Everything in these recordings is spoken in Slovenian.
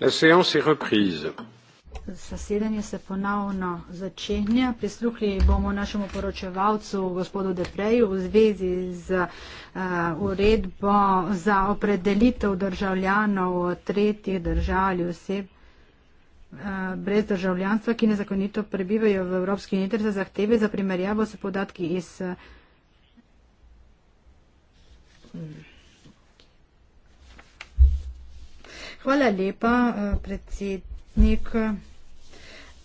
La séance est reprise. Zasedanje se ponovno začenja. Prisluhli bomo našemu poročevalcu, gospodu Depreju, v zvezi z uh, uredbo za opredelitev državljanov tretjih držav ali oseb eh, brez državljanstva, ki nezakonito prebivajo v Evropski uniji ter za zahteve za primerjavo s podatki iz. Hvala lepa, eh, predsednik.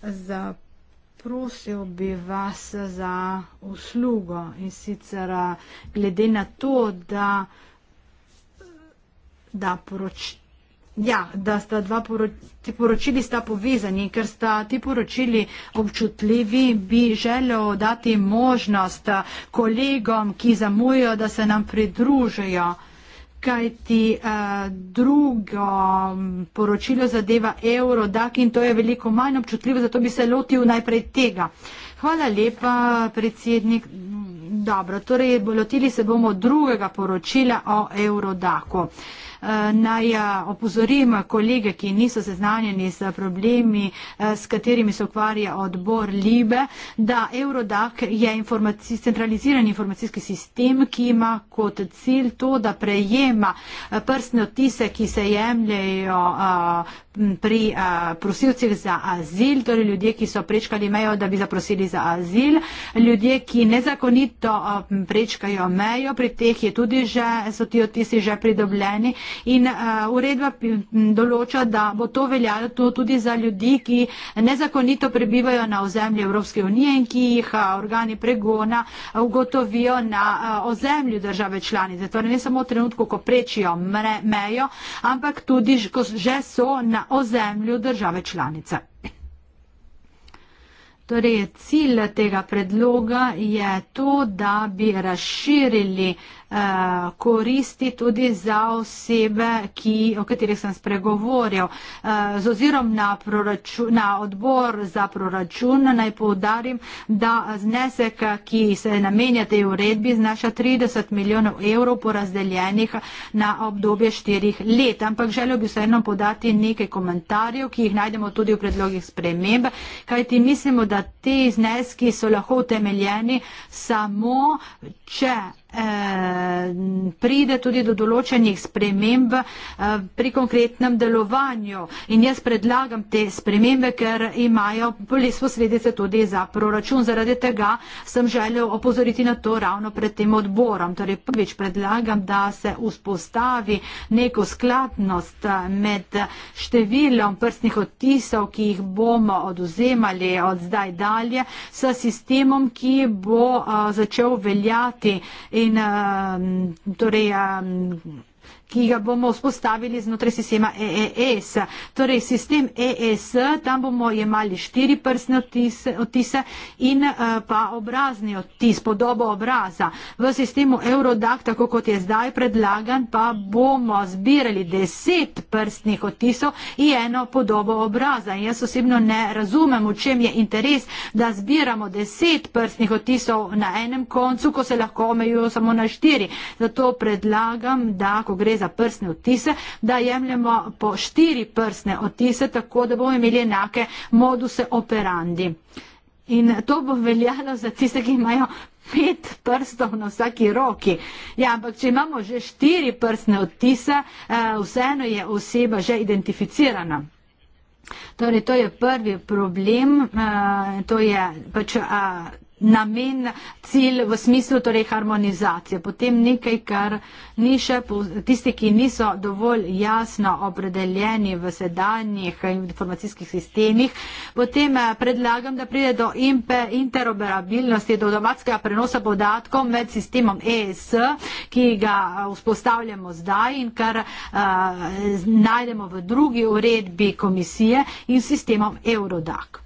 Zaprosil bi vas za uslugo in sicer eh, glede na to, da, da, poroč, ja, da sta dva poroč, poročili sta povezani, ker sta ti poročili občutljivi, bi želel dati možnost eh, kolegom, ki zamujajo, da se nam pridružijo kajti uh, drugo poročilo zadeva Eurodak in to je veliko manj občutljivo, zato bi se lotil najprej tega. Hvala lepa, predsednik. Dobro, torej lotili se bomo drugega poročila o Eurodaku. Uh, Eh, naj eh, opozorim kolege, ki niso seznanjeni s problemi, eh, s katerimi se ukvarja odbor Libe, da Eurodak je informacij, centralizirani informacijski sistem, ki ima kot cilj to, da prejema prstne otise, ki se jemljajo pri prosilcih za azil, torej ljudje, ki so prečkali mejo, da bi zaprosili za azil, ljudje, ki nezakonito prečkajo mejo, pri teh je tudi že, so ti otisi že pridobljeni. In uh, uredba določa, da bo to veljalo to tudi za ljudi, ki nezakonito prebivajo na ozemlju Evropske unije in ki jih uh, organi pregona eh, ugotovijo na uh, ozemlju države članice. Torej ne samo v trenutku, ko prečijo mre, mejo, ampak tudi, ko že so na ozemlju države članice. Torej, cilj tega predloga je to, da bi razširili eh, koristi tudi za osebe, ki, o katerih sem spregovoril. Eh, z ozirom na, na odbor za proračun naj povdarim, da znesek, ki se namenja tej uredbi, znaša 30 milijonov evrov porazdeljenih na obdobje štirih let. Ampak želel bi vseeno podati nekaj komentarjev, ki jih najdemo tudi v predlogih sprememb, kajti mislimo, da da ti zneski so lahko utemeljeni samo, če Eh, pride tudi do določenih sprememb eh, pri konkretnem delovanju. In jaz predlagam te spremembe, ker imajo bolj sposledice tudi za proračun. Zaradi tega sem želel opozoriti na to ravno pred tem odborom. Torej, prvič predlagam, da se vzpostavi neko skladnost eh, med številom prstnih odtisov, ki jih bomo oduzemali od zdaj dalje, s sistemom, ki bo začel veljati. In in um, torej, um, ki ga bomo vzpostavili znotraj sistema EES. Torej, sistem EES, tam bomo jemali štiri prsne odtise, odtise in eh, pa obrazni odtis, podobo obraza. V sistemu Eurodac, tako kot je zdaj predlagan, pa bomo zbirali deset prstnih odtisov in eno podobo obraza. In jaz osebno ne razumem, v čem je interes, da zbiramo deset prstnih odtisov na enem koncu, ko se lahko omejujo samo na štiri. Zato predlagam, da ko gre za prsne odtise, da jemljemo po štiri prsne odtise, tako da bomo imeli enake moduse operandi. In to bo veljalo za tiste, ki imajo pet prstov na vsaki roki. Ja, ampak če imamo že štiri prstne odtise, eh, vseeno je oseba že identificirana. Torej, to je prvi problem, eh, to je pač eh, namen, cilj v smislu torej harmonizacije. Potem nekaj, kar ni še, tisti, ki niso dovolj jasno opredeljeni v sedanjih informacijskih sistemih, potem eh, predlagam, da pride do interoperabilnosti, do domackega prenosa podatkov med sistemom ES, ki ga eh, vzpostavljamo zdaj in kar uh, najdemo v drugi uredbi komisije in sistemom Eurodac.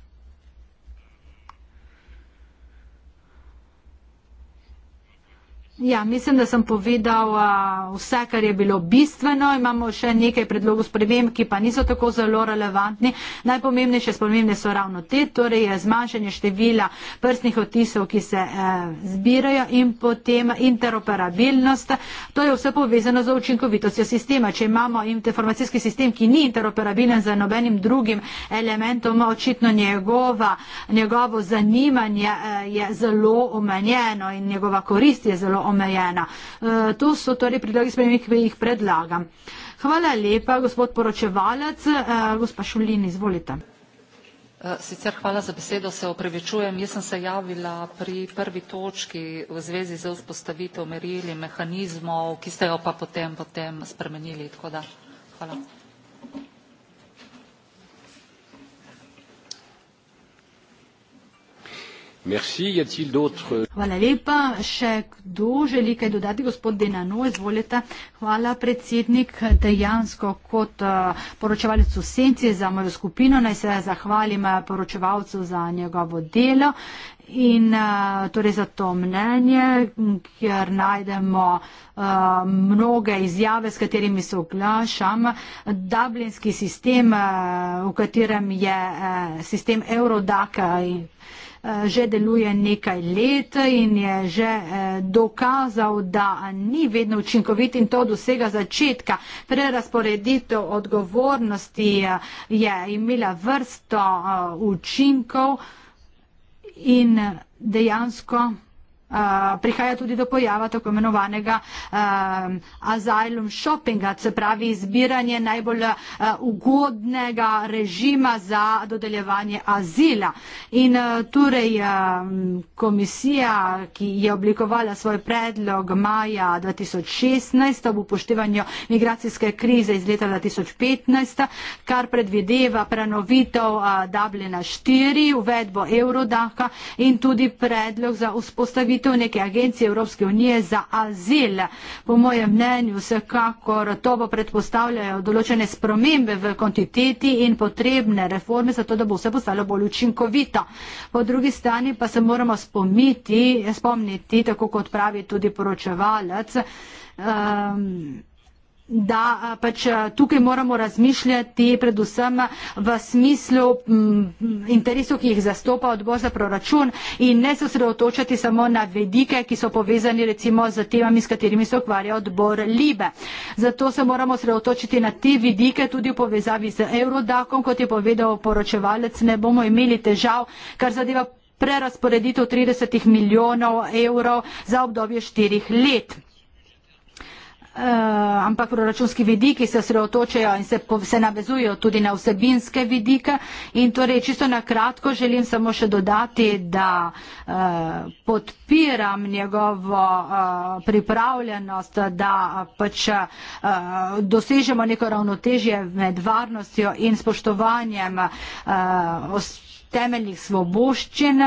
Ja, mislim, da sem povedal a, vse, kar je bilo bistveno. Imamo še nekaj predlogov sprememb, ki pa niso tako zelo relevantni. Najpomembnejše spremembe so ravno te, torej je zmanjšanje števila prstnih otisov, ki se e, zbirajo in potem interoperabilnost. To je vse povezano z učinkovitostjo sistema. Če imamo informacijski sistem, ki ni interoperabilen z nobenim drugim elementom, očitno njegova, njegovo zanimanje e, je zelo omenjeno in njegova korist je zelo omenjena omejena. E, to so torej predlagi spremembe, ki jih predlagam. Hvala lepa, gospod poročevalec. E, gospa Šulin, izvolite. E, sicer hvala za besedo, se oprevečujem. Jaz sem se javila pri prvi točki v zvezi z vzpostavitev merili mehanizmov, ki ste jo pa potem, potem spremenili. Tako da, hvala. Merci. Y a-t-il d'autres Hvala lepa. Še kdo želi kaj dodati? Gospod Denano, izvolite. Hvala, predsednik. Dejansko kot eh, poročevalec v senci za mojo skupino naj se zahvalim eh, poročevalcu za njegovo delo in eh, torej za to mnenje, ker najdemo mnoge izjave, s katerimi se oglašam. Dublinski sistem, v katerem je sistem Eurodaka in Eh, že deluje nekaj let in je že eh, dokazal, da ni vedno učinkovit in to od vsega začetka. Prerasporeditev odgovornosti eh, je imela vrsto učinkov in dejansko prihaja tudi do pojava tako imenovanega uh, asylum shoppinga, se pravi izbiranje najbolj uh, ugodnega režima za dodeljevanje azila. In uh, torej um, komisija, ki je oblikovala svoj predlog maja 2016 ob upoštevanju migracijske krize iz leta 2015, kar predvideva prenovitev uh, Dublina 4, uvedbo Eurodaka in tudi predlog za vzpostavitev ustanovitev neke agencije Evropske unije za azil. Po mojem mnenju vsekakor to bo predpostavljajo določene spremembe v kontiteti in potrebne reforme za to, da bo vse postalo bolj učinkovito. Po drugi strani pa se moramo spomniti, spomniti tako kot pravi tudi poročevalec, um, da pač tukaj moramo razmišljati predvsem v smislu mm, interesov, ki jih zastopa odbor za proračun in ne se osredotočati samo na vedike, ki so povezani recimo z temami, s katerimi se ukvarja odbor Libe. Zato se moramo osredotočiti na te vidike tudi v povezavi z Eurodakom, kot je povedal poročevalec, ne bomo imeli težav, kar zadeva prerasporeditev 30 milijonov evrov za obdobje štirih let uh, ampak proračunski vidiki se osredotočajo in se, se navezujejo tudi na vsebinske vidike. In torej čisto na kratko želim samo še dodati, da uh, podpiram njegovo uh, pripravljenost, da pač uh, dosežemo neko ravnotežje med varnostjo in spoštovanjem uh, temeljnih svoboščin.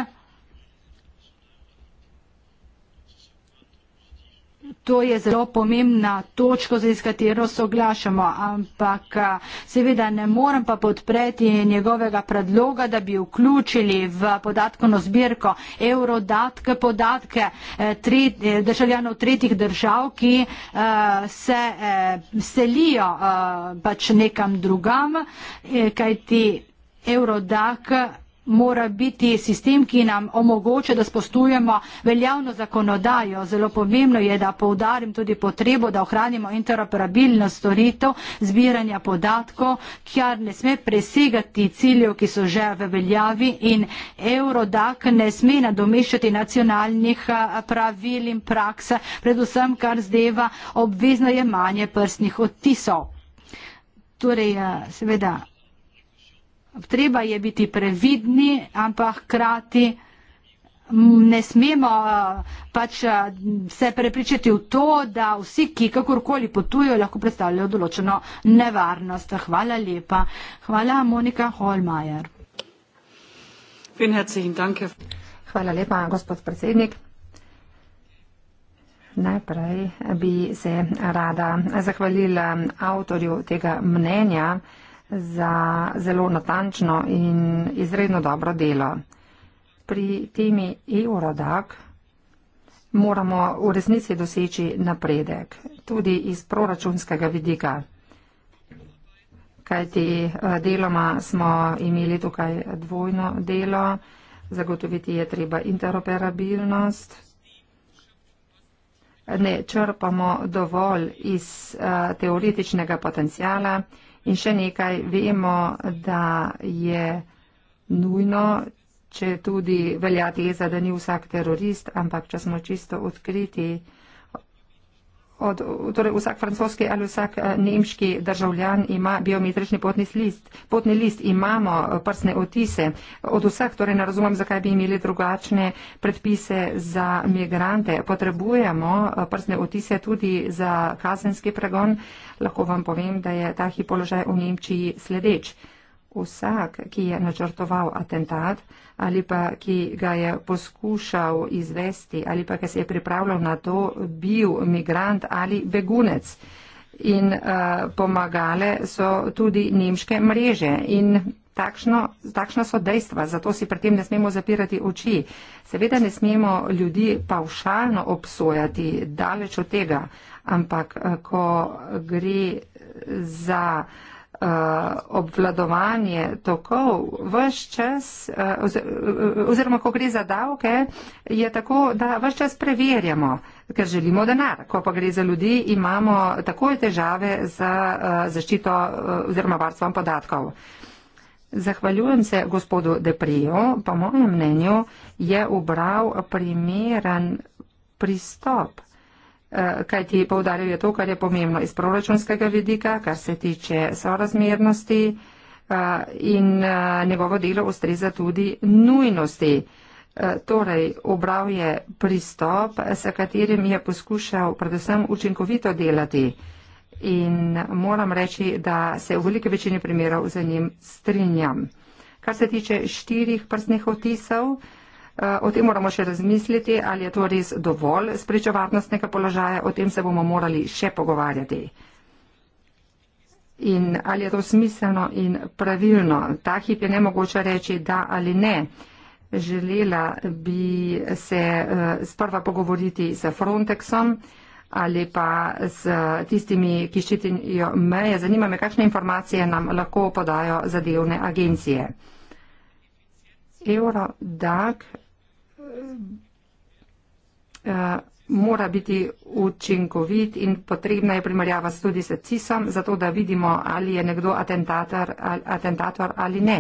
to je zelo pomembna točka, z katero soglašamo, ampak seveda ne morem pa podpreti njegovega predloga, da bi vključili v podatkovno zbirko eurodatke, podatke e, tri, e, državljanov tretjih držav, ki e, se selijo pač nekam drugam, kajti eurodatke mora biti sistem, ki nam omogoča, da spostujemo veljavno zakonodajo. Zelo pomembno je, da poudarim tudi potrebo, da ohranimo interoperabilnost storitev zbiranja podatkov, kjer ne sme presegati ciljev, ki so že v veljavi in Eurodak ne sme nadomeščati nacionalnih pravil in prakse, predvsem kar zdeva obvezno jemanje prstnih odtisov. Torej, seveda, treba je biti previdni, ampak hkrati ne smemo eh, pač eh, se prepričati v to, da vsi, ki kakorkoli potujo, lahko predstavljajo določeno nevarnost. Hvala lepa. Hvala Monika Holmajer. Hvala lepa, gospod predsednik. Najprej bi se rada zahvalila avtorju tega mnenja, za zelo natančno in izredno dobro delo. Pri temi EU-radak moramo v resnici doseči napredek, tudi iz proračunskega vidika. Kajti eh, deloma smo imeli tukaj dvojno delo, zagotoviti je treba interoperabilnost. Ne črpamo dovolj iz uh, teoretičnega potencijala, uh, In še nekaj, vemo, da je nujno, če tudi velja teza, da ni vsak terorist, ampak če smo čisto odkriti, od, torej vsak francoski ali vsak eh, nemški državljan ima biometrični potni list. Potni list imamo eh, prsne otise od vseh, torej ne razumem, zakaj bi imeli drugačne predpise za migrante. Potrebujemo eh, prsne otise tudi za kazenski pregon. Lahko vam povem, da je ta hip položaj v Nemčiji sledeč vsak, ki je načrtoval atentat ali pa ki ga je poskušal izvesti ali pa ki se je pripravljal na to, bil migrant ali begunec. In uh, pomagale so tudi nemške mreže. In Takšno, takšna so dejstva, zato si pri tem ne smemo zapirati oči. Seveda ne smemo ljudi pavšalno obsojati, daleč od tega, ampak eh, ko gre za uh, uh, obvladovanje tokov vse čas, uh, oziroma ko gre za davke, je tako, da vse čas preverjamo, ker želimo denar. Ko pa gre za ljudi, imamo takoj težave za uh, zaščito uh, oziroma varstvom podatkov. Zahvaljujem se gospodu Depriju, po mojem mnenju je ubral primeren pristop. Eh, kaj ti povdarjajo to, kar je pomembno iz proračunskega vidika, kar se tiče sorazmernosti eh, in eh, njegovo delo ustreza tudi nujnosti. Torej, obrav je pristop, s katerim je poskušal predvsem učinkovito delati in moram reči, da se v veliki večini primerov za njim strinjam. Kar se tiče štirih prstnih otisov, Eh, o tem moramo še razmisliti, ali je to res dovolj spričevarnostnega položaja, o tem se bomo morali še pogovarjati. In ali je to smiselno in pravilno? Ta hip je nemogoče reči da ali ne. Želela bi se eh, sprva pogovoriti z Frontexom ali pa s tistimi, ki ščitijo meje. Zanima me, kakšne informacije nam lahko podajo zadevne agencije. Eurodag Eh, mora biti učinkovit in potrebna je primerjava tudi s CIS-om, zato da vidimo, ali je nekdo atentator, atentator ali ne.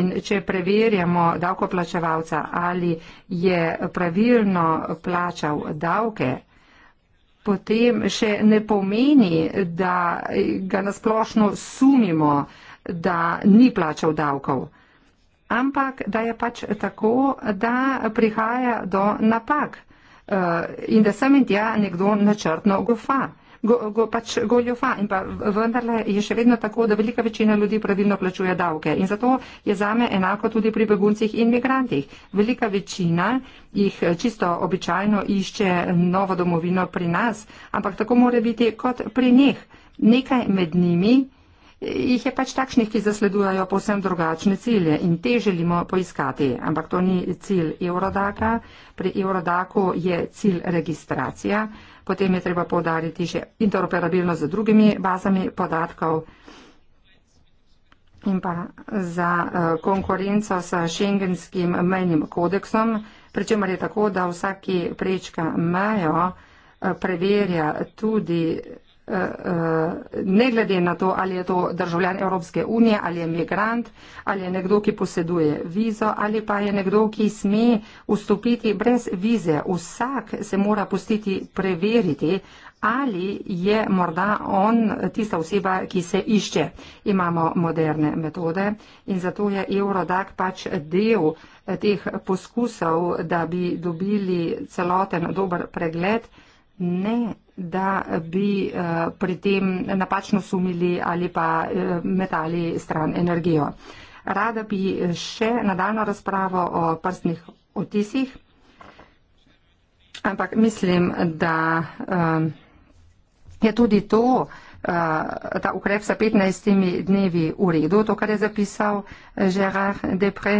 In če preverjamo davkoplačevalca, ali je pravilno plačal davke, potem še ne pomeni, da ga nasplošno sumimo, da ni plačal davkov ampak da je pač tako, da prihaja do napak eh, in da sem in tja nekdo načrtno gofa. Go, go, pač goljofa in pa vendarle je še vedno tako, da velika večina ljudi pravilno plačuje davke in zato je zame enako tudi pri beguncih in migrantih. Velika večina jih eh, čisto običajno išče novo domovino pri nas, ampak tako mora biti kot pri njih. Nekaj med njimi jih je pač takšnih, ki zasledujajo posem drugačne cilje in te želimo poiskati. Ampak to ni cilj Eurodaka. Pri Eurodaku je cilj registracija, potem je treba podariti še interoperabilnost z drugimi bazami podatkov in pa za eh, konkurenco s šengenskim menjim kodeksom, pričemer je tako, da vsaki prečka mejo eh, preverja tudi Eh, ne glede na to, ali je to državljan Evropske unije, ali je migrant, ali je nekdo, ki poseduje vizo, ali pa je nekdo, ki sme vstopiti brez vize. Vsak se mora pustiti preveriti, ali je morda on tista oseba, ki se išče. Imamo moderne metode in zato je Eurodac pač del eh, teh poskusov, da bi dobili celoten dober pregled. Ne da bi eh, pri tem napačno sumili ali pa eh, metali stran energijo. Rada bi eh, še nadaljno razpravo o prstnih otisih, ampak mislim, da je tudi to, ta ukrep sa 15 dnevi v redu, to, kar je zapisal Gerard Depre.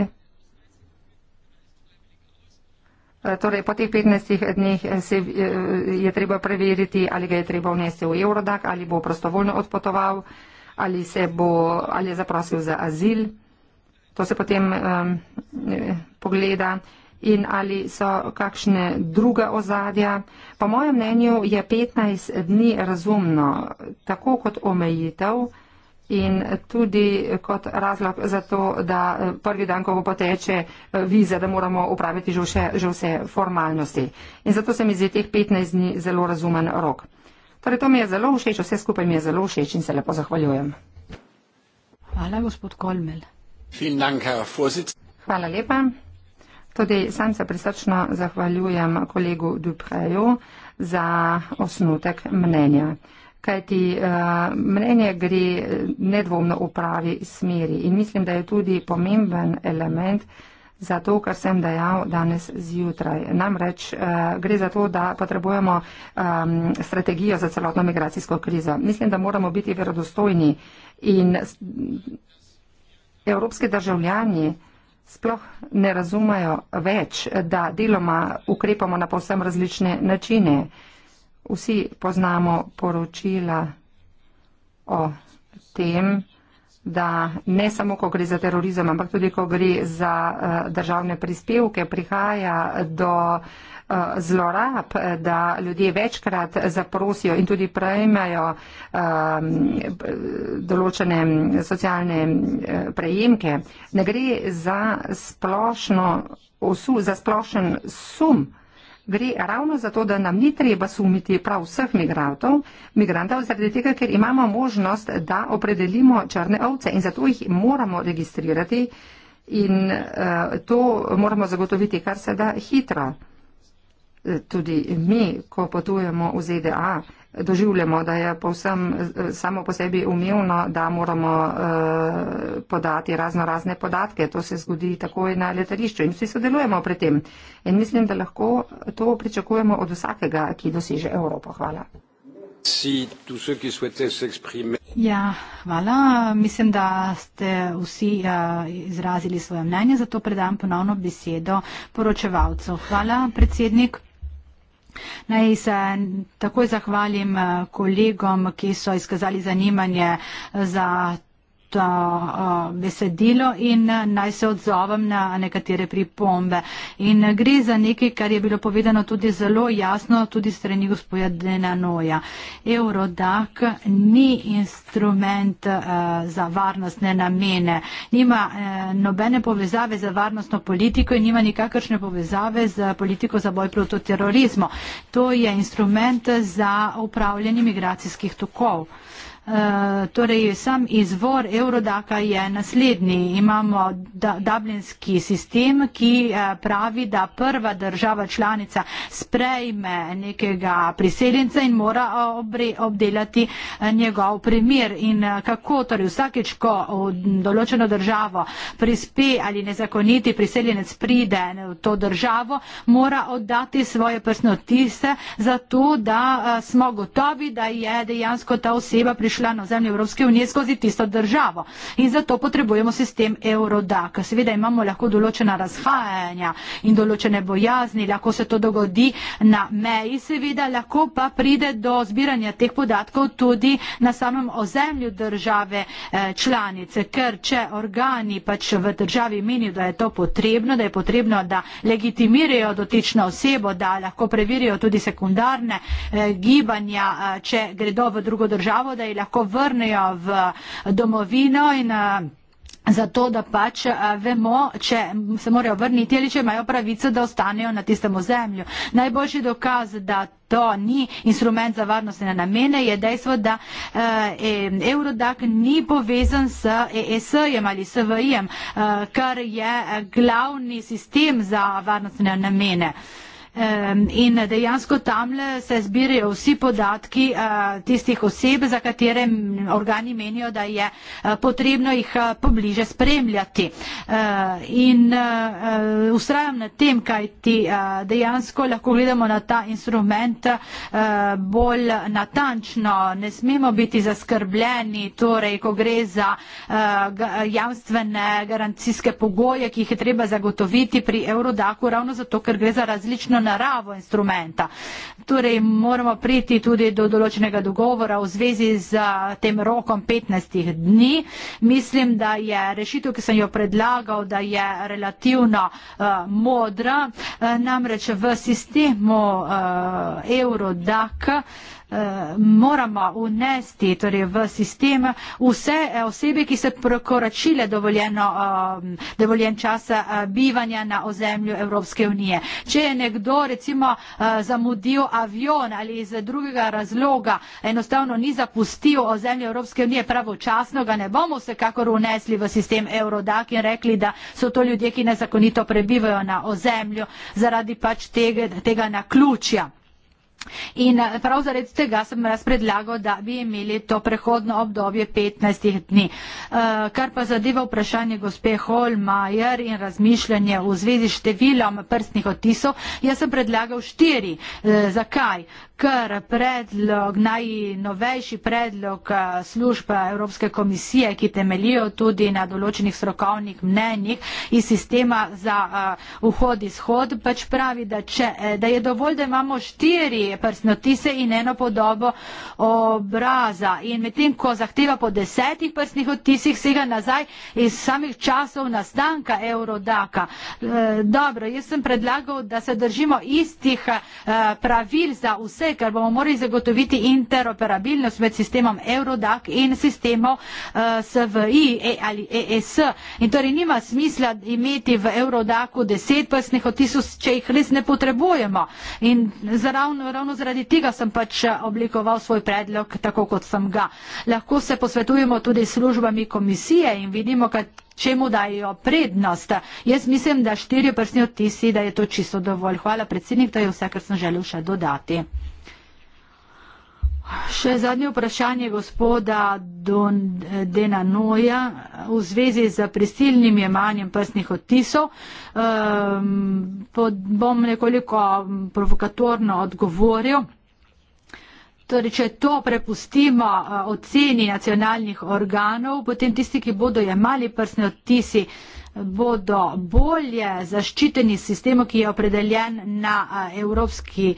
Eh, torej, po teh 15 dneh eh, se eh, je treba preveriti, ali ga je treba vnesti v Eurodak, ali bo prostovoljno odpotoval, ali, bo, ali je zaprosil za azil. To se potem um, pogleda in ali so kakšne druga ozadja. Po mojem mnenju je 15 dni razumno, tako kot omejitev in tudi kot razlog za to, da eh, prvi dan, ko bo poteče eh, viza, da moramo upraviti že vse, že vse formalnosti. In zato se mi zdi teh 15 dni zelo razumen rok. Torej, to mi je zelo všeč, vse skupaj mi je zelo všeč in se lepo zahvaljujem. Hvala, gospod Kolmel. Hvala lepa. Tudi sam se prisrčno zahvaljujem kolegu Dupreju za osnutek mnenja kajti eh, mnenje gre nedvomno v pravi smeri in mislim, da je tudi pomemben element za to, kar sem dejal danes zjutraj. Namreč eh, gre za to, da potrebujemo ehm, strategijo za celotno migracijsko krizo. Mislim, da moramo biti verodostojni in evropski državljani sploh ne razumajo več, da deloma ukrepamo na povsem različne načine. Vsi poznamo poročila o tem, da ne samo, ko gre za terorizem, ampak tudi, ko gre za eh, državne prispevke, prihaja do eh, zlorab, da ljudje večkrat zaprosijo in tudi prejmejo eh, določene socialne prejemke. Ne gre za, splošno, za splošen sum gre ravno zato, da nam ni treba sumiti prav vseh migrantov, migrantov zaradi tega, ker imamo možnost, da opredelimo črne ovce in zato jih moramo registrirati in uh, to moramo zagotoviti kar se da hitro. Tudi mi, ko potujemo v ZDA, uh, doživljamo, da je povsem samo po sebi umevno, da moramo eh, podati razno razne podatke. To se zgodi takoj na letališču in vsi sodelujemo pri tem. In mislim, da lahko to pričakujemo od vsakega, ki doseže Evropo. Hvala. Ja, hvala. Mislim, da ste vsi eh, izrazili svoje mnenje, zato predam ponovno besedo poročevalcu. Hvala, predsednik. Naj se takoj zahvalim eh, kolegom, ki so izkazali zanimanje za to eh, besedilo in eh, naj se odzovem na nekatere pripombe. In eh, gre za nekaj, kar je bilo povedano tudi zelo jasno, tudi strani gospoda Dena Noja. Eurodak ni instrument za varnostne namene, nima nobene povezave za varnostno politiko in nima nikakršne povezave z politiko za boj proti terorizmu. To je instrument za upravljanje migracijskih tokov. Torej, sam izvor Eurodaka je naslednji. Imamo dublinski sistem, ki eh, pravi, da prva država članica sprejme nekega priseljenca in mora eh, obdelati eh, njegov primer. In kako torej vsakeč, ko določeno državo prispe ali nezakoniti priseljenec pride v to državo, mora oddati svoje prsnotise za to, da smo gotovi, da je dejansko ta oseba prišla na zemlji Evropske unije skozi tisto državo državo. In zato potrebujemo sistem Eurodac. Seveda imamo lahko določena razhajanja in določene bojazni, lahko se to dogodi na meji, seveda lahko pa pride do zbiranja teh podatkov tudi na samem ozemlju države eh, članice, ker če organi pač v državi menijo, da je to potrebno, da je potrebno, da legitimirajo dotično osebo, da lahko preverijo tudi sekundarne eh, gibanja, eh, če gredo v drugo državo, da jih lahko vrnejo v domovino, vsebino in zato, da pač vemo, če se morajo vrniti ali če imajo pravico, da ostanejo na tistem ozemlju. Najboljši dokaz, da to ni instrument za varnostne namene, je dejstvo, da eh, Eurodak ni povezan s ESJ-em ali SVI-jem, eh, kar je glavni sistem za varnostne namene. Eh, in dejansko tamle se zbirajo vsi podatki eh, tistih oseb, za katere organi menijo, da je eh, potrebno jih eh, pobliže spremljati. In ustrajam na tem, kaj ti dejansko lahko gledamo na ta instrument bolj natančno. Ne smemo biti zaskrbljeni, torej, ko gre za jamstvene garancijske pogoje, ki jih je treba zagotoviti pri Eurodaku, ravno zato, ker gre za različno naravo instrumenta. Torej moramo priti tudi do določenega dogovora v zvezi z tem rokom 15 dni. Mislim, da je rešitev, ki sem jo predlagal, da je relativno uh, modra. Uh, namreč v sistemu uh, EuroDAC moramo unesti torej v sistem vse osebe, ki so prekoračile dovoljen čas bivanja na ozemlju Evropske unije. Če je nekdo recimo zamudil avion ali iz drugega razloga enostavno ni zapustil ozemlje Evropske unije pravočasno, ga ne bomo vsekakor unesli v sistem Eurodac in rekli, da so to ljudje, ki nezakonito prebivajo na ozemlju zaradi pač tega, tega naključja. In eh, prav zaradi tega sem jaz predlagal, da bi imeli to prehodno obdobje 15 dni. Eh, kar pa zadeva vprašanje gospe Holmajer in razmišljanje v zvezi s številom prstnih otisov, jaz sem predlagal štiri. Eh, zakaj? kar predlog, najnovejši predlog eh, služb Evropske komisije, ki temelijo tudi na določenih strokovnih mnenjih iz sistema za eh, vhod in shod, pač pravi, da, če, eh, da je dovolj, da imamo štiri prsnotise in eno podobo obraza. In medtem, ko zahteva po desetih prsnih odtisih, sega nazaj iz samih časov nastanka Eurodaka. Dobro, jaz sem predlagal, da se držimo istih pravil za vse naprej, ker bomo morali zagotoviti interoperabilnost med sistemom Eurodac in sistemom eh, SVI e ali ES. In torej nima smisla imeti v Eurodacu deset pasnih otisov, če jih res ne potrebujemo. In zaravno, ravno zaradi tega sem pač eh, oblikoval svoj predlog tako, kot sem ga. Lahko se posvetujemo tudi službami komisije in vidimo, kaj čemu dajo prednost. Jaz mislim, da štiri prsni odtisi, da je to čisto dovolj. Hvala predsednik, to je vse, kar sem želel še dodati. Še zadnje vprašanje gospoda Don eh, Dena Noja v zvezi z prisilnim jemanjem prstnih odtisov. Um, bom nekoliko provokatorno odgovoril. Torej, če to prepustimo oceni nacionalnih organov, potem tisti, ki bodo jemali prsni odtisi, bodo bolje zaščiteni s sistemom, ki je opredeljen na evropski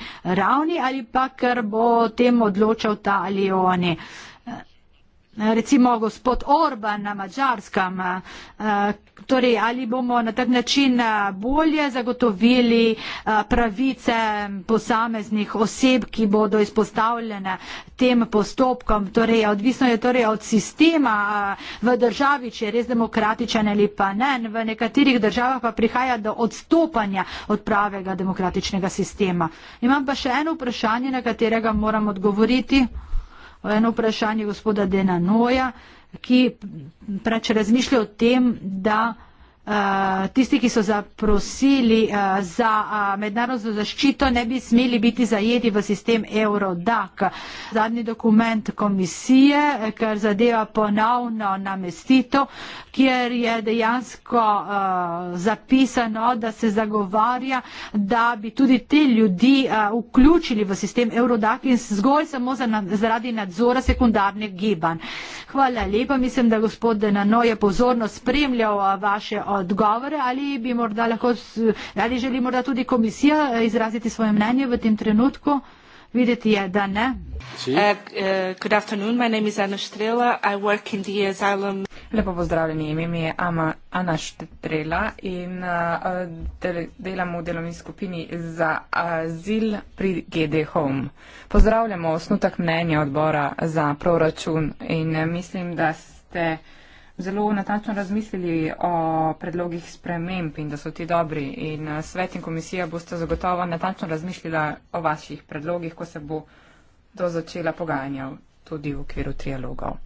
ravni ali pa, ker bo tem odločal ta ali oni. Eh, recimo gospod Orban na Mačarskem, eh, torej ali bomo na tak način eh, bolje zagotovili pravice posameznih oseb, ki bodo izpostavljene tem postopkom, torej odvisno je torej od sistema v državi, če je res demokratičen ali pa ne, v nekaterih državah pa prihaja do odstopanja od pravega demokratičnega sistema. Imam pa še eno vprašanje, na katerega moram odgovoriti eno vprašanje gospoda Dena Noja, ki preč razmišlja o tem, da uh, tisti, ki so zaprosili uh, za uh, mednarodno zaščito, ne bi smeli biti zajeti v sistem Eurodac. Zadnji dokument komisije, kar zadeva ponovno namestitev, kjer je dejansko uh, zapisano, da se zagovarja, da bi tudi te ljudi uh, vključili v sistem Eurodac in zgolj samo za, zaradi nadzora sekundarnih gibanj. Hvala lepa, mislim, da gospod Denano je pozorno spremljal eh, vaše odgovore ali bi morda lahko, ali želi morda tudi komisija izraziti svoje mnenje v tem trenutku. Videti je, da ne. Eh, eh, Lepo pozdravljeni, ime mi je Ama, Ana Štetrela in uh, delam v delovni skupini za azil pri GD Home. Pozdravljamo osnutek mnenja odbora za proračun in mislim, da ste zelo natančno razmislili o predlogih sprememb in da so ti dobri. In eh, svet in komisija boste zagotovo natančno razmišljala o vaših predlogih, ko se bo to začela pogajanja tudi v okviru trialogov.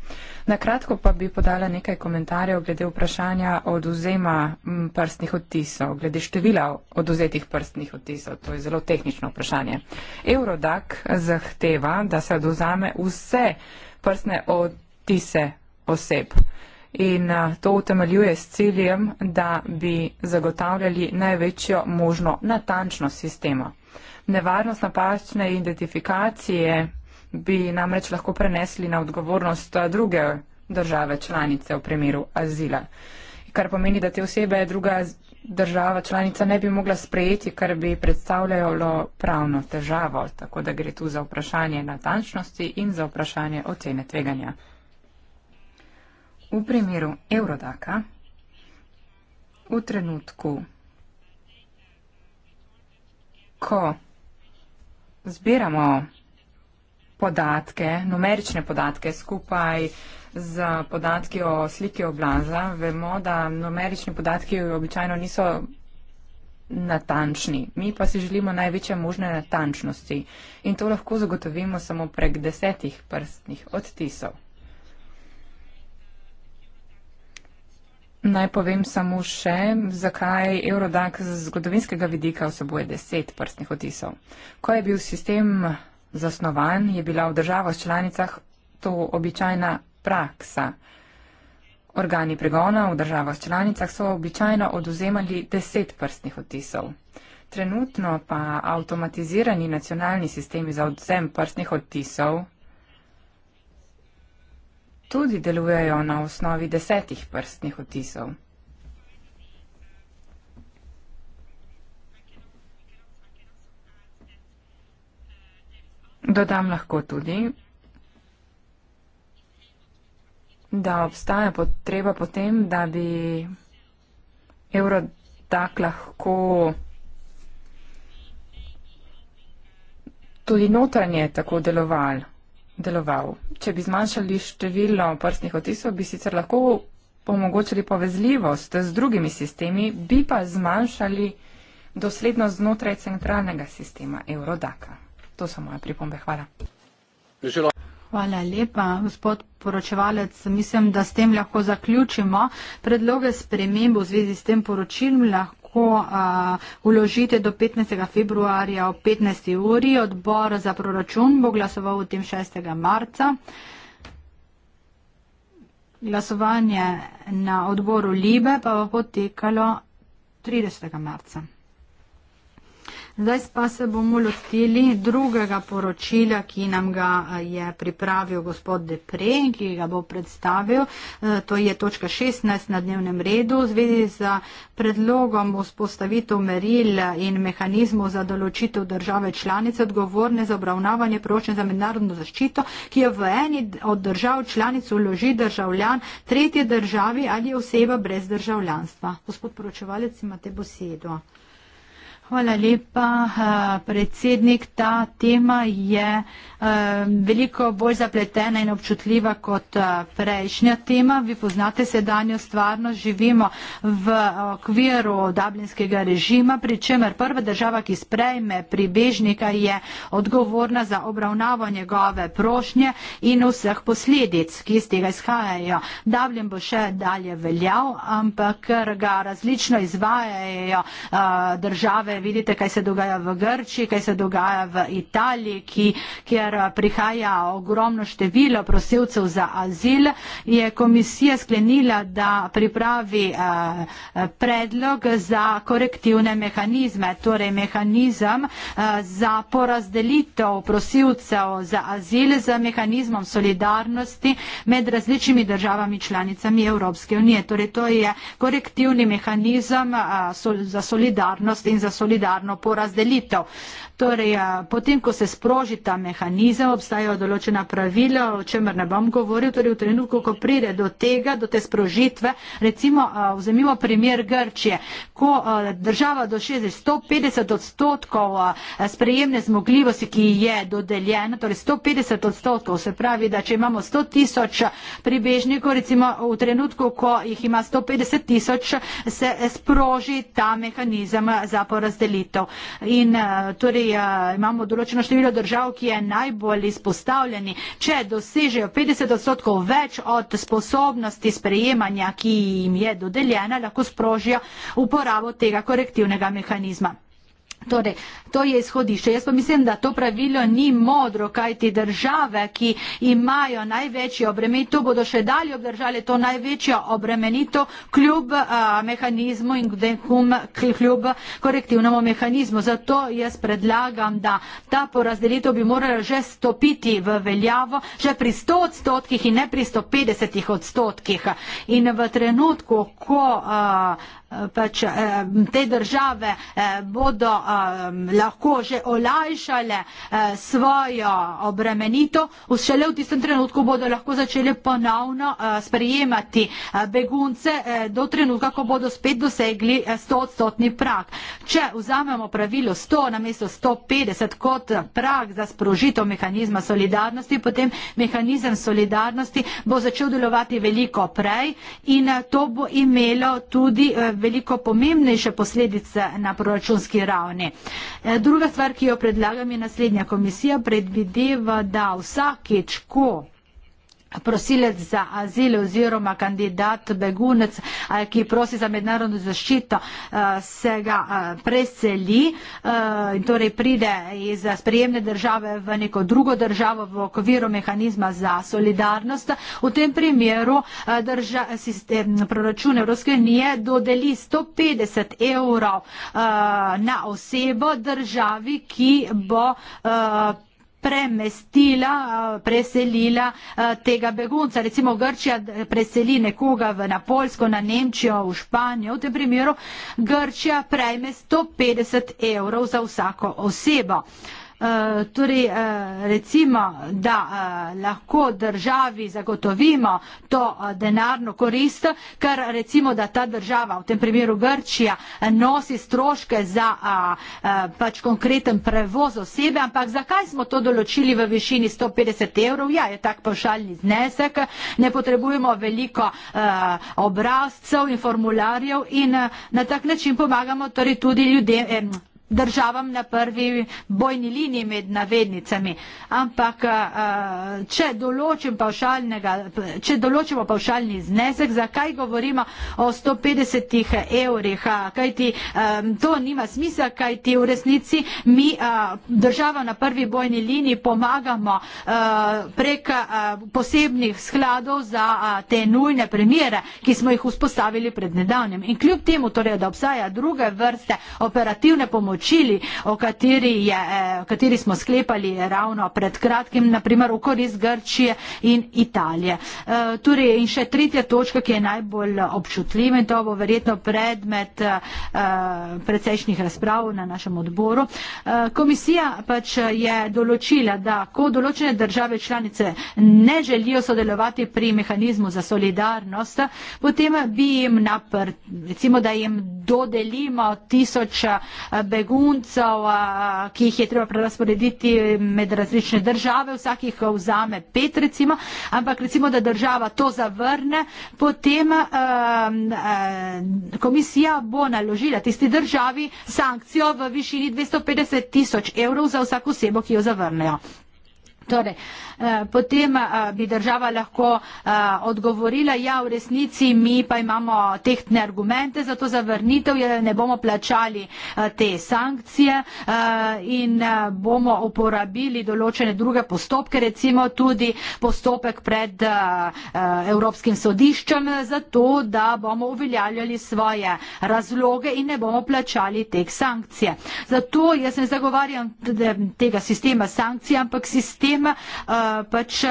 Nakratko pa bi podala nekaj komentarjev glede vprašanja oduzema prstnih odtisov, glede števila oduzetih prstnih odtisov. To je zelo tehnično vprašanje. Eurodak zahteva, da se oduzame vse prstne odtise oseb in to utemeljuje s ciljem, da bi zagotavljali največjo možno natančnost sistema. Nevarnost napačne identifikacije bi namreč lahko prenesli na odgovornost druge države članice v primeru azila, kar pomeni, da te osebe druga država članica ne bi mogla sprejeti, kar bi predstavljalo pravno težavo. Tako da gre tu za vprašanje natančnosti in za vprašanje ocene tveganja u primjeru Eurodaka, u trenutku ko zbiramo podatke, numerične podatke skupaj z podatki o sliki oblaza, vemo, da numerični podatki običajno niso natančni. Mi pa si želimo največje možne natančnosti in to lahko zagotovimo samo prek desetih prstnih odtisov. Naj povem samo še, zakaj Eurodax z zgodovinskega vidika vsebuje deset prstnih odtisov. Ko je bil sistem zasnovan, je bila v državah članicah to običajna praksa. Organi pregona v državah članicah so običajno oduzemali deset prstnih odtisov. Trenutno pa avtomatizirani nacionalni sistemi za odzem prstnih odtisov tudi delujejo na osnovi desetih prstnih odtisov. Dodam lahko tudi, da obstaja potreba potem, da bi Eurodak lahko tudi notranje tako deloval deloval. Če bi zmanjšali število prstnih otisov, bi sicer lahko omogočili povezljivost z drugimi sistemi, bi pa zmanjšali doslednost znotraj centralnega sistema Eurodaka. To so moje pripombe. Hvala. Hvala lepa, gospod poročevalec. Mislim, da s tem lahko zaključimo. Predloge spremembo v zvezi s tem poročilom lahko lahko uh, uložite do 15. februarja o 15. uri. Odbor za proračun bo glasoval o tem 6. marca. Glasovanje na odboru Libe pa bo potekalo 30. marca. Zdaj pa se bomo lotili drugega poročila, ki nam ga eh, je pripravil gospod Depre, ki ga bo predstavil. Eh, to je točka 16 na dnevnem redu v zvezi z predlogom vzpostavitev meril in mehanizmov za določitev države članice odgovorne za obravnavanje prošen za mednarodno zaščito, ki je v eni od držav članic uloži državljan tretje državi ali oseba brez državljanstva. Gospod poročevalec, imate besedo. Hvala lepa, eh, predsednik. Ta tema je eh, veliko bolj zapletena in občutljiva kot eh, prejšnja tema. Vi poznate sedanjo stvarnost, živimo v okviru dublinskega režima, pri čemer prva država, ki sprejme pribežnika, je odgovorna za obravnavo njegove prošnje in vseh posledic, ki iz tega izhajajo. Dublin bo še dalje veljal, ampak ker ga različno izvajajo države, vidite, kaj se dogaja v Grčiji, kaj se dogaja v Italiji, ki, kjer prihaja ogromno število prosilcev za azil, je komisija sklenila, da pripravi uh, predlog za korektivne mehanizme, torej mehanizem uh, za porazdelitev prosilcev za azil z mehanizmom solidarnosti med različnimi državami članicami Evropske unije. Torej, to je korektivni mehanizem uh, sol, za solidarnost in za solidarnost solidarno porazdelitev. Torej, ja, potem, ko se sproži ta mehanizem, obstajajo določena pravila, o čemer ne bom govoril, torej v trenutku, ko pride do tega, do te sprožitve, recimo, vzemimo primer Grčije, ko država do 650 odstotkov sprejemne zmogljivosti, ki je dodeljena, torej 150 odstotkov, se pravi, da če imamo 100 tisoč pribežnikov, recimo v trenutku, ko jih ima 150 tisoč, se sproži ta mehanizem za porazdelitev. In, torej, Avstrija, imamo določeno število držav, ki je najbolj izpostavljeni. Če dosežejo 50 odstotkov več od sposobnosti sprejemanja, ki jim je dodeljena, lahko sprožijo uporabo tega korektivnega mehanizma. Torej, to je izhodišče. Jaz pa mislim, da to pravilo ni modro, kaj ti države, ki imajo največji obremenitev, bodo še dalje obdržali to največjo obremenitev kljub eh, mehanizmu in kljub korektivnemu mehanizmu. Zato jaz predlagam, da ta porazdelitev bi morala že stopiti v veljavo, že pri 100 odstotkih in ne pri 150 odstotkih. In v trenutku, ko. A, eh, pač eh, te države eh, bodo eh, lahko že olajšale svojo obremenito, šele v tistem trenutku bodo lahko začele ponovno sprejemati begunce do trenutka, ko bodo spet dosegli 100 odstotni prak. Če vzamemo pravilo 100 na mesto 150 kot prak za sprožitev mehanizma solidarnosti, potem mehanizem solidarnosti bo začel delovati veliko prej in to bo imelo tudi veliko veliko pomembnejše posledice na proračunski ravni. E, druga stvar, ki jo predlagam, je naslednja komisija predvideva, da vsakeč, ko prosilec za azil oziroma kandidat begunec, ki prosi za mednarodno zaščito, se ga preseli in torej pride iz sprejemne države v neko drugo državo v okviru mehanizma za solidarnost. V tem primeru drža, sistem, proračun Evropske unije dodeli 150 evrov na osebo državi, ki bo premestila, eh, preselila eh, tega begunca. Recimo Grčija eh, preseli nekoga na Poljsko, na Nemčijo, v Španijo. V tem primeru Grčija prejme 150 evrov za vsako osebo. Eh, torej eh, recimo, da eh, lahko državi zagotovimo to denarno korist, ker recimo, da ta država, v tem primeru Grčija, nosi stroške za pač konkreten prevoz osebe, ampak zakaj smo to določili v višini 150 evrov? Ja, je tak pošaljni znesek, ne potrebujemo veliko obrazcev in formularjev in na tak način pomagamo torej tudi ljudem, državam na prvi bojni liniji med navednicami. Ampak, eh, če, določim če določimo pavšalni znesek, zakaj govorimo o 150 evrih, kajti to nima smisla, kajti v resnici mi eh, državam na prvi bojni liniji pomagamo eh, prek posebnih skladov za te nujne premjere, ki smo jih vzpostavili pred nedavnim. In kljub temu, torej, da obstaja druge vrste operativne pomoči, določili, o kateri, je, eh, o kateri smo sklepali ravno pred kratkim, naprimer v korist Grčije in Italije. Eh, torej, in še tretja točka, ki je najbolj občutljiva in to bo verjetno predmet eh, precejšnjih razprav na našem odboru. Komisija pač je določila, da ko določene države članice ne želijo sodelovati pri mehanizmu za solidarnost, potem bi jim napr, recimo, da jim dodelimo tisoč begunov, beguncev, ki jih je treba prerasporediti med različne države, vsakih vzame pet recimo, ampak recimo, da država to zavrne, potem komisija bo naložila tisti državi sankcijo v višini 250 tisoč evrov za vsako osebo, ki jo zavrnejo. Torej, Eh, potem eh, bi država lahko eh, odgovorila, ja, v resnici mi pa imamo tehtne argumente za to zavrnitev, ja, ne bomo plačali te sankcije in bomo uporabili določene druge postopke, recimo tudi postopek pred Evropskim sodiščem, zato da bomo uveljavljali svoje razloge in ne bomo plačali teh sankcije. Zato jaz ne zagovarjam tega sistema sankcij, ampak sistema Eh, pač uh,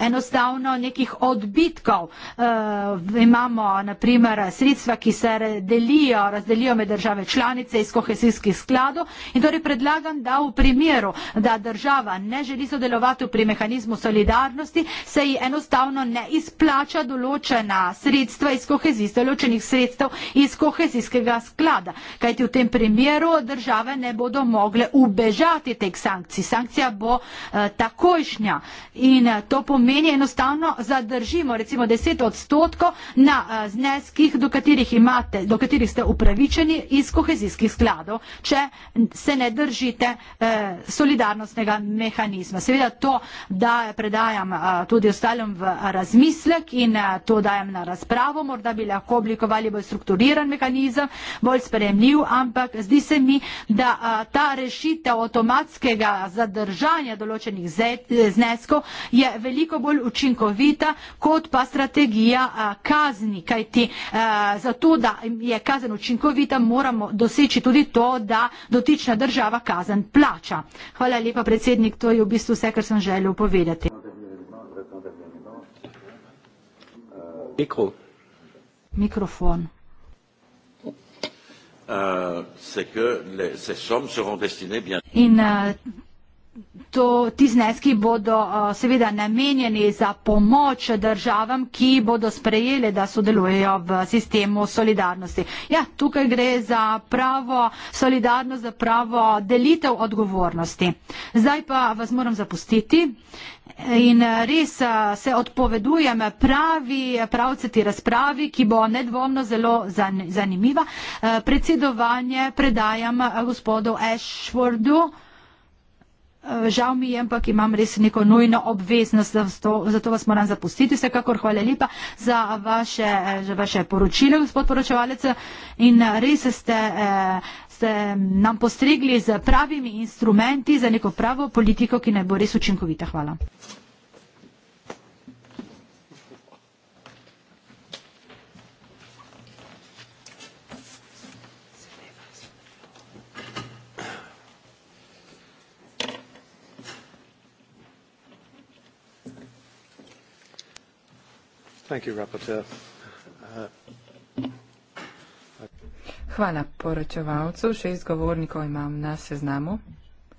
enostavno nekih odbitkov. Uh, imamo naprimer sredstva, ki se delijo, razdelijo med države članice iz kohesijskih skladov in torej predlagam, da v primeru, da država ne želi sodelovati pri mehanizmu solidarnosti, se ji enostavno ne izplača določena sredstva iz kohezijske, določenih sredstev iz kohezijskega sklada. Kajti v tem primeru države ne bodo mogle ubežati teh sankcij. Sankcija bo eh, tako takojšnja in eh, to pomeni enostavno zadržimo recimo 10 odstotkov na eh, zneskih, do katerih, imate, do katerih ste upravičeni iz kohezijskih skladov, če se ne držite eh, solidarnostnega mehanizma. Seveda to daje, predajam tudi ostalim v razmislek in to dajem na razpravo, morda bi lahko oblikovali bolj strukturiran mehanizem, bolj spremljiv, ampak zdi se mi, da ta rešitev avtomatskega zadržanja določenih zeč znesku je veliko bolj učinkovita kot pa strategija eh, kazni, kajti eh, zato, da je kazen učinkovita, moramo doseči tudi to, da dotična država kazen plača. Hvala lepa, predsednik, to je v bistvu vse, kar sem želel povedati. Mikrofon. Uh, c'est que les, ces sommes seront destinées bien. In, uh... To, ti zneski bodo uh, seveda namenjeni za pomoč državam, ki bodo sprejeli, da sodelujejo v sistemu solidarnosti. Ja, tukaj gre za pravo solidarnost, za pravo delitev odgovornosti. Zdaj pa vas moram zapustiti in uh, res uh, se odpovedujem pravi, pravceti razpravi, ki bo nedvomno zelo zan zanimiva. Uh, predsedovanje predajam uh, gospodu Ashfordu. Eh, žal mi je, ampak imam res neko nujno obveznost, zato vas moram zapustiti. Vsekakor hvala lepa za vaše, eh, za vaše poročile, gospod poročevalec. In eh, res ste, ste nam postregli z pravimi instrumenti za neko pravo politiko, ki naj bo res učinkovita. Hvala. Thank you, rapporteur. Uh, Hvala poročevalcu. Šest govornikov imam na seznamu.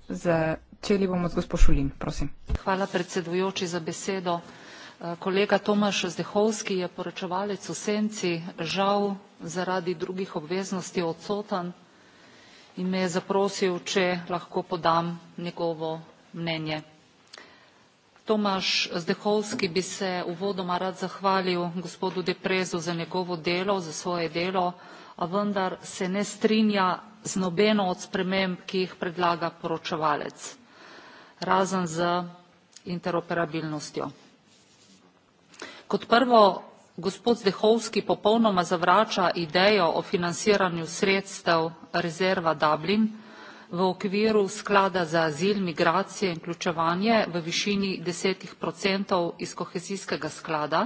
Začeli bomo z gospod Šulin, prosim. Hvala predsedujoči za besedo. Eh, kolega Tomaš Zdehovski je poročevalec v Senci, žal zaradi drugih obveznosti odsotan in me je zaprosil, če lahko podam njegovo mnenje. Tomaž Zdeholski bi se uvodoma rad zahvalil gospodu Deprezu za njegovo delo, za svoje delo, a vendar se ne strinja z nobeno od sprememb, ki jih predlaga poročevalec, razen z interoperabilnostjo. Kot prvo, gospod Zdeholski popolnoma zavrača idejo o financiranju sredstev rezerva Dublin, v okviru sklada za azil, migracije in vključevanje v višini desetih odstotkov iz kohezijskega sklada,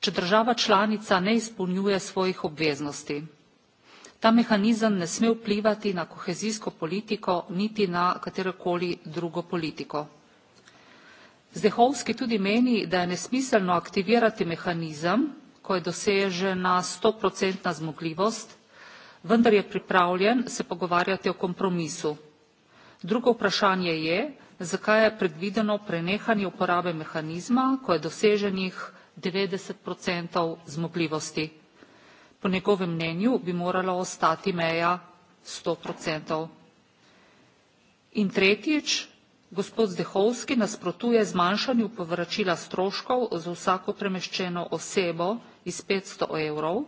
če država članica ne izpolnjuje svojih obveznosti. Ta mehanizem ne sme vplivati na kohezijsko politiko niti na katerokoli drugo politiko. Zdehovski tudi meni, da je nesmiselno aktivirati mehanizem, ko je dosežena stoodstotna zmogljivost, vendar je pripravljen se pogovarjati o kompromisu. Drugo vprašanje je, zakaj je predvideno prenehanje uporabe mehanizma, ko je doseženih 90% zmogljivosti. Po njegovem mnenju bi morala ostati meja 100%. In tretjič, gospod Zdehovski nasprotuje zmanjšanju povračila stroškov za vsako premeščeno osebo iz 500 evrov,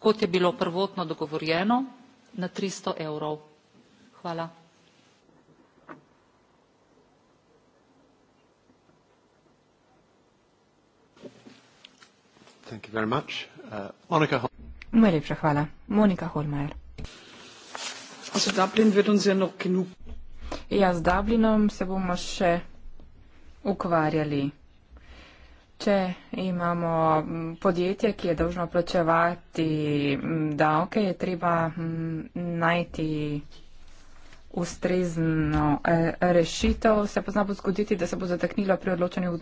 kot je bilo prvotno dogovorjeno, na tristo evrov. Hvala. Uh, Najlepša hvala. Monika Holmajer. Ja, ja, z Dublinom se bomo še ukvarjali. Če imamo podjetje, ki je dolžno plačevati davke, je treba najti ustrezno e, rešitev. Se pa zna bo zgoditi, da se bo zateknilo pri odločanju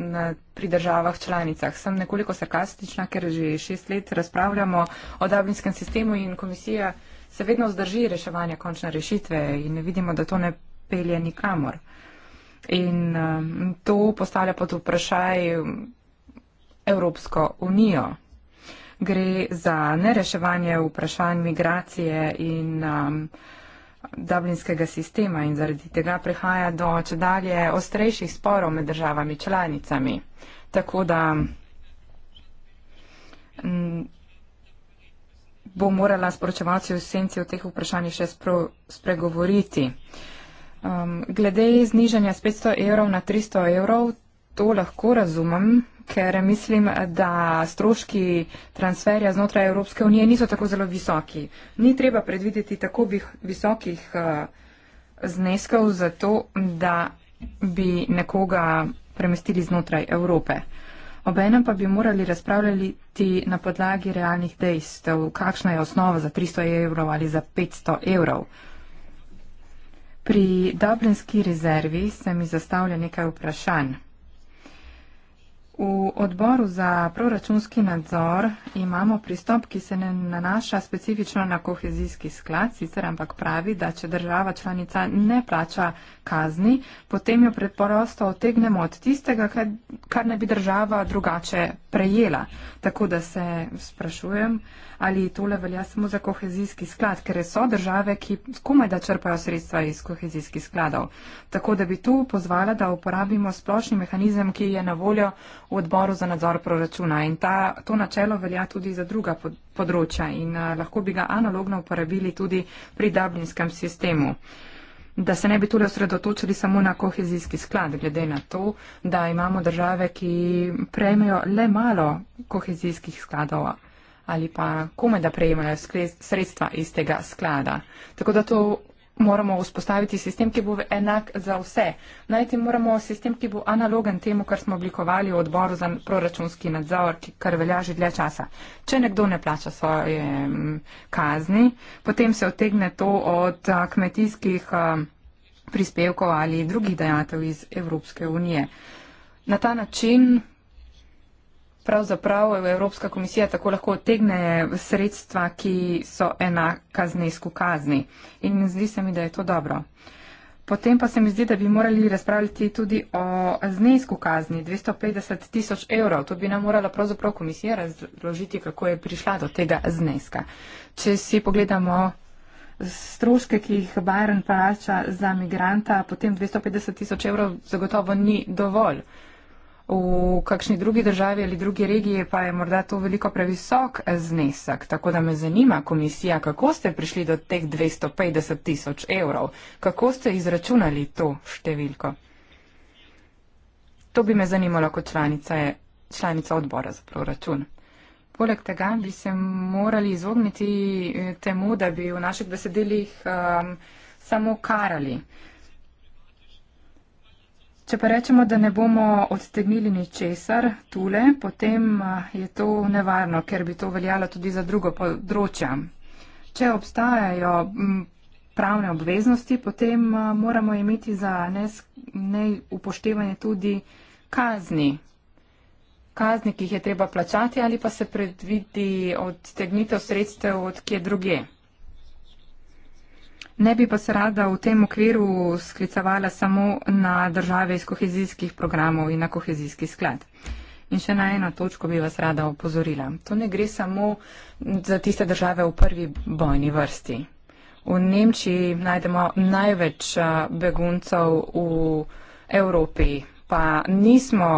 pri državah članicah. Sem nekoliko sarkastična, ker že šest let razpravljamo o davinskem sistemu in komisija se vedno vzdrži reševanja končne rešitve in vidimo, da to ne pelje nikamor. In e, to postavlja pod vprašaj Evropsko unijo. Gre za nereševanje vprašanj migracije in um, dublinskega sistema in zaradi tega prihaja do čedalje ostrejših sporov med državami članicami. Tako da m, bo morala sporočevalci v senci o teh vprašanjih še spro, spregovoriti. Um, glede znižanja z 500 evrov na 300 evrov, to lahko razumem, ker mislim, da stroški transferja znotraj Evropske unije niso tako zelo visoki. Ni treba predvideti tako visokih eh, zneskov za to, da bi nekoga premestili znotraj Evrope. Obenem pa bi morali razpravljati na podlagi realnih dejstev, kakšna je osnova za 300 evrov ali za 500 evrov. Pri Dublinski rezervi se mi zastavlja nekaj vprašanj. V odboru za proračunski nadzor imamo pristop, ki se ne nanaša specifično na kohezijski sklad, sicer ampak pravi, da če država članica ne plača kazni, potem jo preprosto otegnemo od tistega, kar ne bi država drugače prejela. Tako da se sprašujem, ali tole velja samo za kohezijski sklad, ker so države, ki skumaj da črpajo sredstva iz kohezijskih skladov. Tako da bi tu pozvala, da uporabimo splošni mehanizem, ki je na voljo v odboru za nadzor proračuna. In ta, to načelo velja tudi za druga področja in a, eh, lahko bi ga analogno uporabili tudi pri dublinskem sistemu da se ne bi tudi osredotočili samo na kohezijski sklad, glede na to, da imamo države, ki prejmejo le malo kohezijskih skladov, ali pa kome da prejemajo sredstva iz tega sklada. Tako da to moramo vzpostaviti sistem, ki bo enak za vse. Najti moramo sistem, ki bo analogen temu, kar smo oblikovali v odboru za proračunski nadzor, ki kar velja že dlje časa. Če nekdo ne plača svoje mm, kazni, potem se otegne to od kmetijskih prispevkov ali drugih dejatev iz Evropske unije. Na ta način pravzaprav Evropska komisija tako lahko otegne sredstva, ki so enaka znesku kazni. In zdi se mi, da je to dobro. Potem pa se mi zdi, da bi morali razpravljati tudi o znesku kazni 250 tisoč evrov. To bi nam morala pravzaprav komisija razložiti, kako je prišla do tega zneska. Če si pogledamo stroške, ki jih Bayern plača za migranta, potem 250 tisoč evrov zagotovo ni dovolj v kakšni drugi državi ali drugi regiji pa je morda to veliko previsok znesek. Tako da me zanima, komisija, kako ste prišli do teh 250 tisoč evrov? Kako ste izračunali to številko? To bi me zanimalo kot članica, članica odbora za proračun. Poleg tega bi se morali izogniti eh, temu, da bi v naših besedilih um, samo karali. Uh, Če pa rečemo, da ne bomo odtegnili ničesar tule, potem je to nevarno, ker bi to veljalo tudi za drugo področje. Če obstajajo pravne obveznosti, potem moramo imeti za neupoštevanje tudi kazni. Kazni, ki jih je treba plačati ali pa se predvidi odtegnitev sredstev od kje druge. Ne bi pa se rada v tem okviru sklicovala samo na države iz kohezijskih programov in na kohezijski sklad. In še na eno točko bi vas rada opozorila. To ne gre samo za tiste države v prvi bojni vrsti. V Nemčiji najdemo največ beguncev v Evropi, pa, nismo,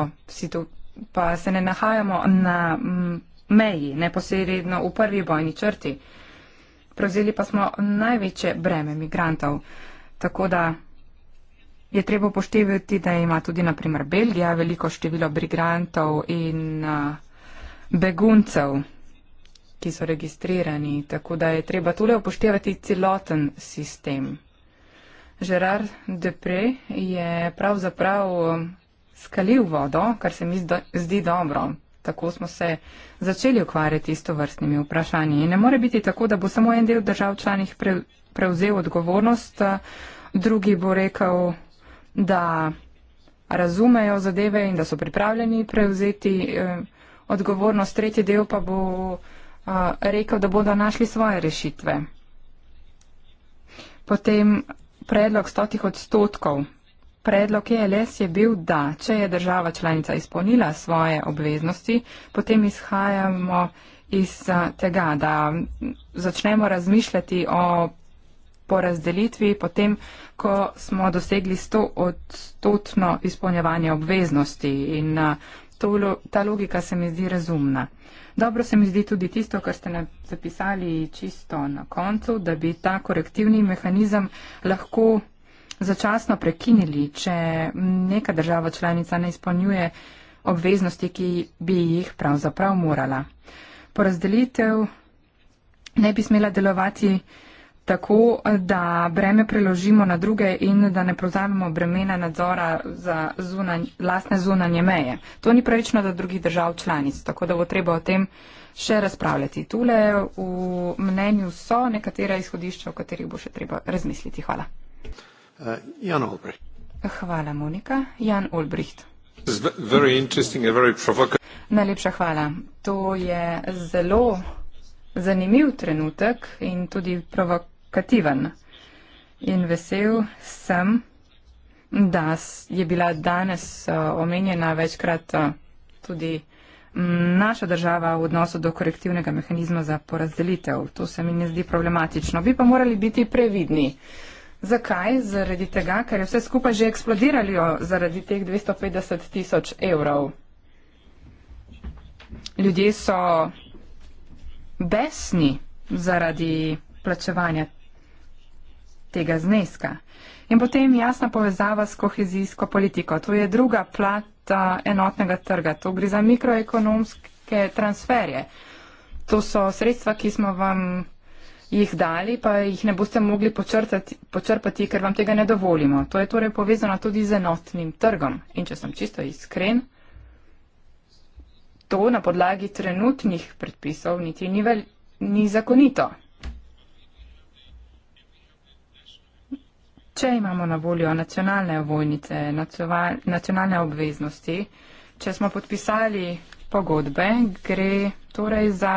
pa se ne nahajamo na meji, neposredno v prvi bojni črti prevzeli pa smo največje breme migrantov. Tako da je treba poštevati, da ima tudi naprimer Belgija veliko število brigantov in beguncev ki so registrirani, tako da je treba tule upoštevati celoten sistem. Gerard Depre je pravzaprav skalil vodo, kar se mi zdi dobro, Tako smo se začeli ukvarjati s to vrstnimi vprašanji. In ne more biti tako, da bo samo en del držav članih pre, prevzel odgovornost, drugi bo rekel, da razumejo zadeve in da so pripravljeni prevzeti eh, odgovornost, tretji del pa bo eh, rekel, da bodo našli svoje rešitve. Potem predlog stotih odstotkov Predlog ELS je bil, da če je država članica izpolnila svoje obveznosti, potem izhajamo iz tega, da začnemo razmišljati o porazdelitvi, potem, ko smo dosegli 100 odstotno izpolnjevanje obveznosti. In to, ta logika se mi zdi razumna. Dobro se mi zdi tudi tisto, kar ste zapisali čisto na koncu, da bi ta korektivni mehanizem lahko začasno prekinili, če neka država članica ne izpolnjuje obveznosti, ki bi jih pravzaprav morala. Porazdelitev ne bi smela delovati tako, da breme preložimo na druge in da ne prozamemo bremena nadzora za zunanj, lastne zunanje meje. To ni pravično do drugih držav članic, tako da bo treba o tem še razpravljati. Tule v mnenju so nekatera izhodišča, o katerih bo še treba razmisliti. Hvala. Uh, Jan Olbricht. Hvala, Monika. Jan Olbricht. Najlepša hvala. To je zelo zanimiv trenutek in tudi provokativen. In vesel sem, da je bila danes uh, omenjena večkrat uh, tudi naša država v odnosu do korektivnega mehanizma za porazdelitev. To se mi ne zdi problematično. Bi pa morali biti previdni. Zakaj? Zaradi tega, ker je vse skupaj že eksplodiralo zaradi teh 250 tisoč evrov. Ljudje so besni zaradi plačevanja tega zneska. In potem jasna povezava s kohezijsko politiko. To je druga plata enotnega trga. To gre za mikroekonomske transferje. To so sredstva, ki smo vam jih dali, pa jih ne boste mogli počrtati, počrpati, ker vam tega ne dovolimo. To je torej povezano tudi z enotnim trgom. In če sem čisto iskren, to na podlagi trenutnih predpisov niti ni, vel, ni zakonito. Če imamo na voljo nacionalne vojnice, nacionalne obveznosti, če smo podpisali pogodbe, gre torej za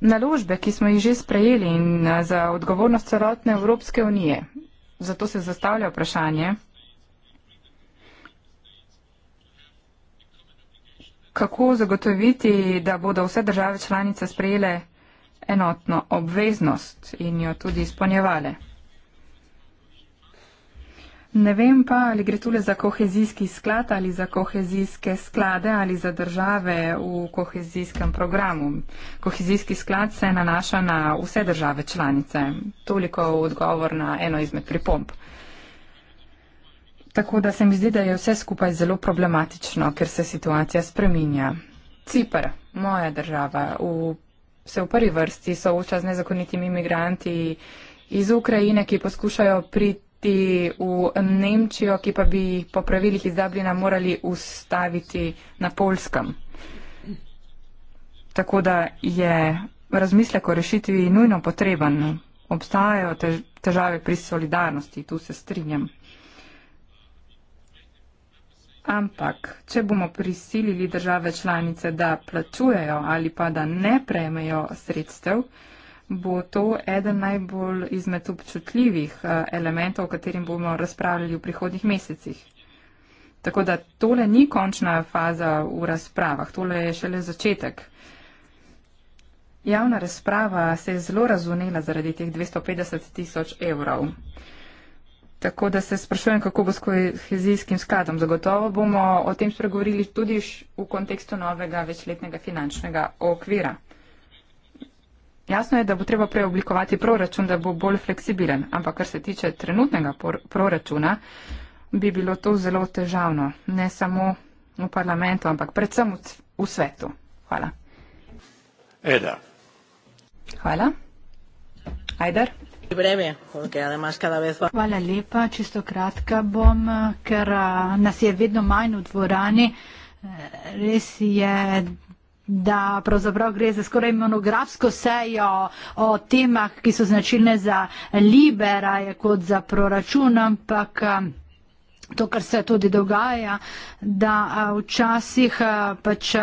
naložbe, ki smo jih že sprejeli in eh, za odgovornost celotne Evropske unije. Zato se zastavlja vprašanje, kako zagotoviti, da bodo vse države članice sprejele enotno obveznost in jo tudi izpolnjevale. Ne vem pa, ali gre tole za kohezijski sklad ali za kohezijske sklade ali za države v kohezijskem programu. Kohezijski sklad se nanaša na vse države članice. Toliko odgovor na eno izmed pripomp. Tako da se mi zdi, da je vse skupaj zelo problematično, ker se situacija spreminja. Cipr, moja država, v, se v prvi vrsti sooča z nezakonitimi imigranti iz Ukrajine, ki poskušajo prid vrniti v Nemčijo, ki pa bi jih po pravilih iz Dublina morali ustaviti na polskem. Tako da je razmislek o rešitvi nujno potreben. Obstajajo težave pri solidarnosti, tu se strinjam. Ampak, če bomo prisilili države članice, da plačujejo ali pa da ne prejmejo sredstev, bo to eden najbolj izmed občutljivih eh, elementov, o katerim bomo razpravljali v prihodnjih mesecih. Tako da tole ni končna faza v razpravah, tole je šele začetek. Javna razprava se je zelo razumela zaradi teh 250 tisoč evrov. Tako da se sprašujem, kako bo s kohezijskim skladom. Zagotovo bomo o tem spregovorili tudi v kontekstu novega večletnega finančnega okvira. Jasno je, da bo treba preoblikovati proračun, da bo bolj fleksibilen, ampak kar se tiče trenutnega proračuna, bi bilo to zelo težavno, ne samo v parlamentu, ampak predvsem v svetu. Hvala. Eda. Hvala. Ajdar. Hvala lepa, čisto kratka bom, ker eh, nas je vedno manj v dvorani. Eh, res je, da pravzaprav gre za skoraj monografsko sejo o temah, ki so značilne za libera, je kot za proračun, ampak eh, to, kar se tudi dogaja, da eh, včasih eh, pač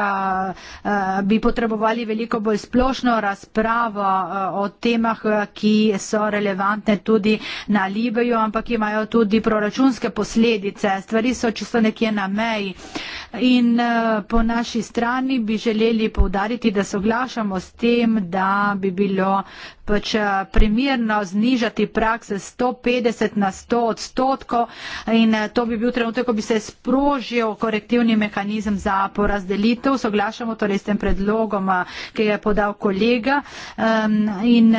bi potrebovali veliko bolj splošno razpravo o temah, ki so relevantne tudi na Libiju, ampak imajo tudi proračunske posledice. Stvari so čisto nekje na meji. In eh, po naši strani bi želeli povdariti, da soglašamo s tem, da bi bilo pač eh, primirno znižati prak se 150 na 100 odstotkov in eh, to bi bil trenutek, ko bi se sprožil korektivni mehanizem za porazdelitev. Soglašamo torej s tem predlogom, ki je podal kolega. In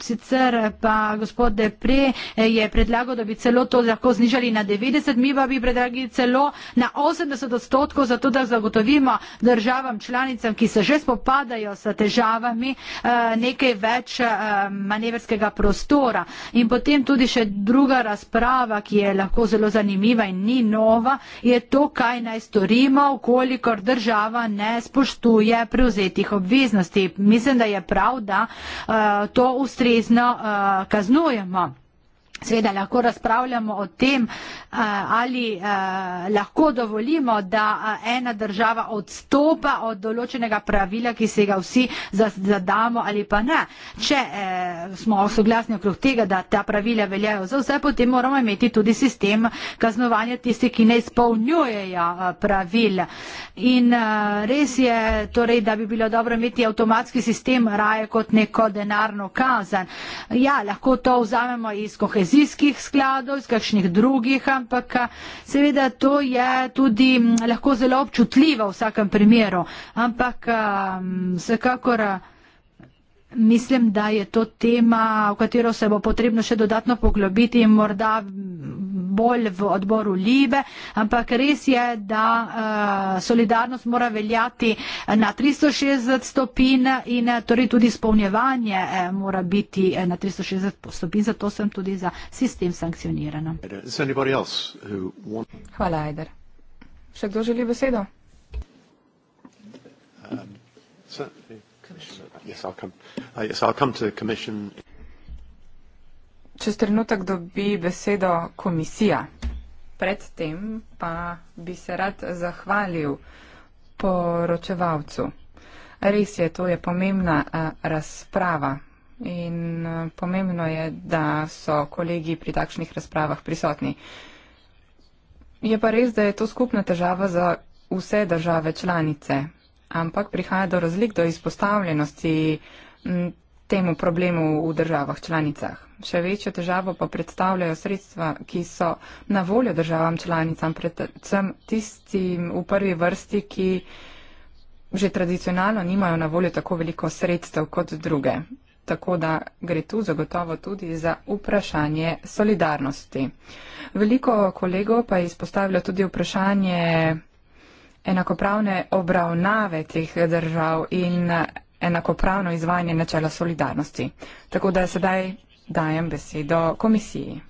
sicer pa gospod Depre je predlagal, da bi celo to lahko znižali na 90, mi pa bi predlagali celo na 80 odstotkov odstotkov zato, da zagotovimo državam članicam, ki se že spopadajo s težavami, eh, nekaj več eh, manevrskega prostora. In potem tudi še druga razprava, ki je lahko zelo zanimiva in ni nova, je to, kaj naj storimo, kolikor država ne spoštuje prevzetih obveznosti. Mislim, da je prav, da eh, to ustrezno kaznujemo. Seveda lahko razpravljamo o tem, eh, ali eh, lahko dovolimo, da eh, ena država odstopa od določenega pravila, ki se ga vsi zadamo ali pa ne. Če smo soglasni okrog tega, da ta pravila veljajo za vse, potem moramo imeti tudi sistem kaznovanja tistih, ki ne izpolnjujejo pravil. In res je, torej, da bi bilo dobro imeti avtomatski sistem raje kot neko denarno kazen. Ja, lahko to vzamemo iz kohezije kohezijskih skladov, iz kakšnih drugih, ampak seveda to je tudi lahko zelo občutljivo v vsakem primeru. Ampak vsekakor. Um, Mislim, da je to tema, v katero se bo potrebno še dodatno poglobiti in morda bolj v odboru Libe, ampak res je, da eh, solidarnost mora veljati na 360 stopin in eh, torej tudi spolnjevanje eh, mora biti na 360 stopin, zato sem tudi za sistem sankcionirana. Hvala, Ajder. Še kdo želi besedo? Um, yes, I'll come. Uh, yes, I'll come to the Commission. Čez trenutek dobi besedo komisija. Predtem pa bi se rad zahvalil poročevalcu. Res je, to je pomembna razprava in pomembno je, da so kolegi pri takšnih razpravah prisotni. Je pa res, da je to skupna težava za vse države članice ampak prihaja do razlik do izpostavljenosti temu problemu v državah članicah. Še večjo težavo pa predstavljajo sredstva, ki so na voljo državam članicam, predvsem tistim v prvi vrsti, ki že tradicionalno nimajo na voljo tako veliko sredstev kot druge. Tako da gre tu zagotovo tudi za vprašanje solidarnosti. Veliko kolego pa je izpostavilo tudi vprašanje enakopravne obravnave teh držav in enakopravno izvajanje načela solidarnosti. Tako da sedaj dajem besedo komisiji.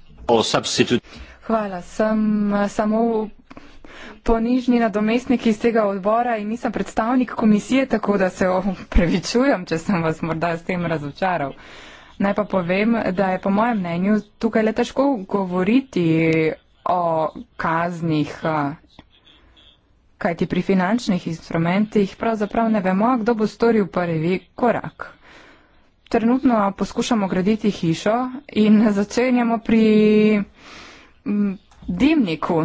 Hvala, sem eh, samo ponižni nadomestnik iz tega odbora in nisem predstavnik komisije, tako da se opravičujem, če sem vas morda s tem razočaral. Naj pa povem, da je po mojem mnenju tukaj le težko govoriti o kaznih eh, Kajti pri finančnih instrumentih pravzaprav ne vemo, kdo bo storil prvi korak. Trenutno poskušamo graditi hišo in začenjamo pri mm, dimniku.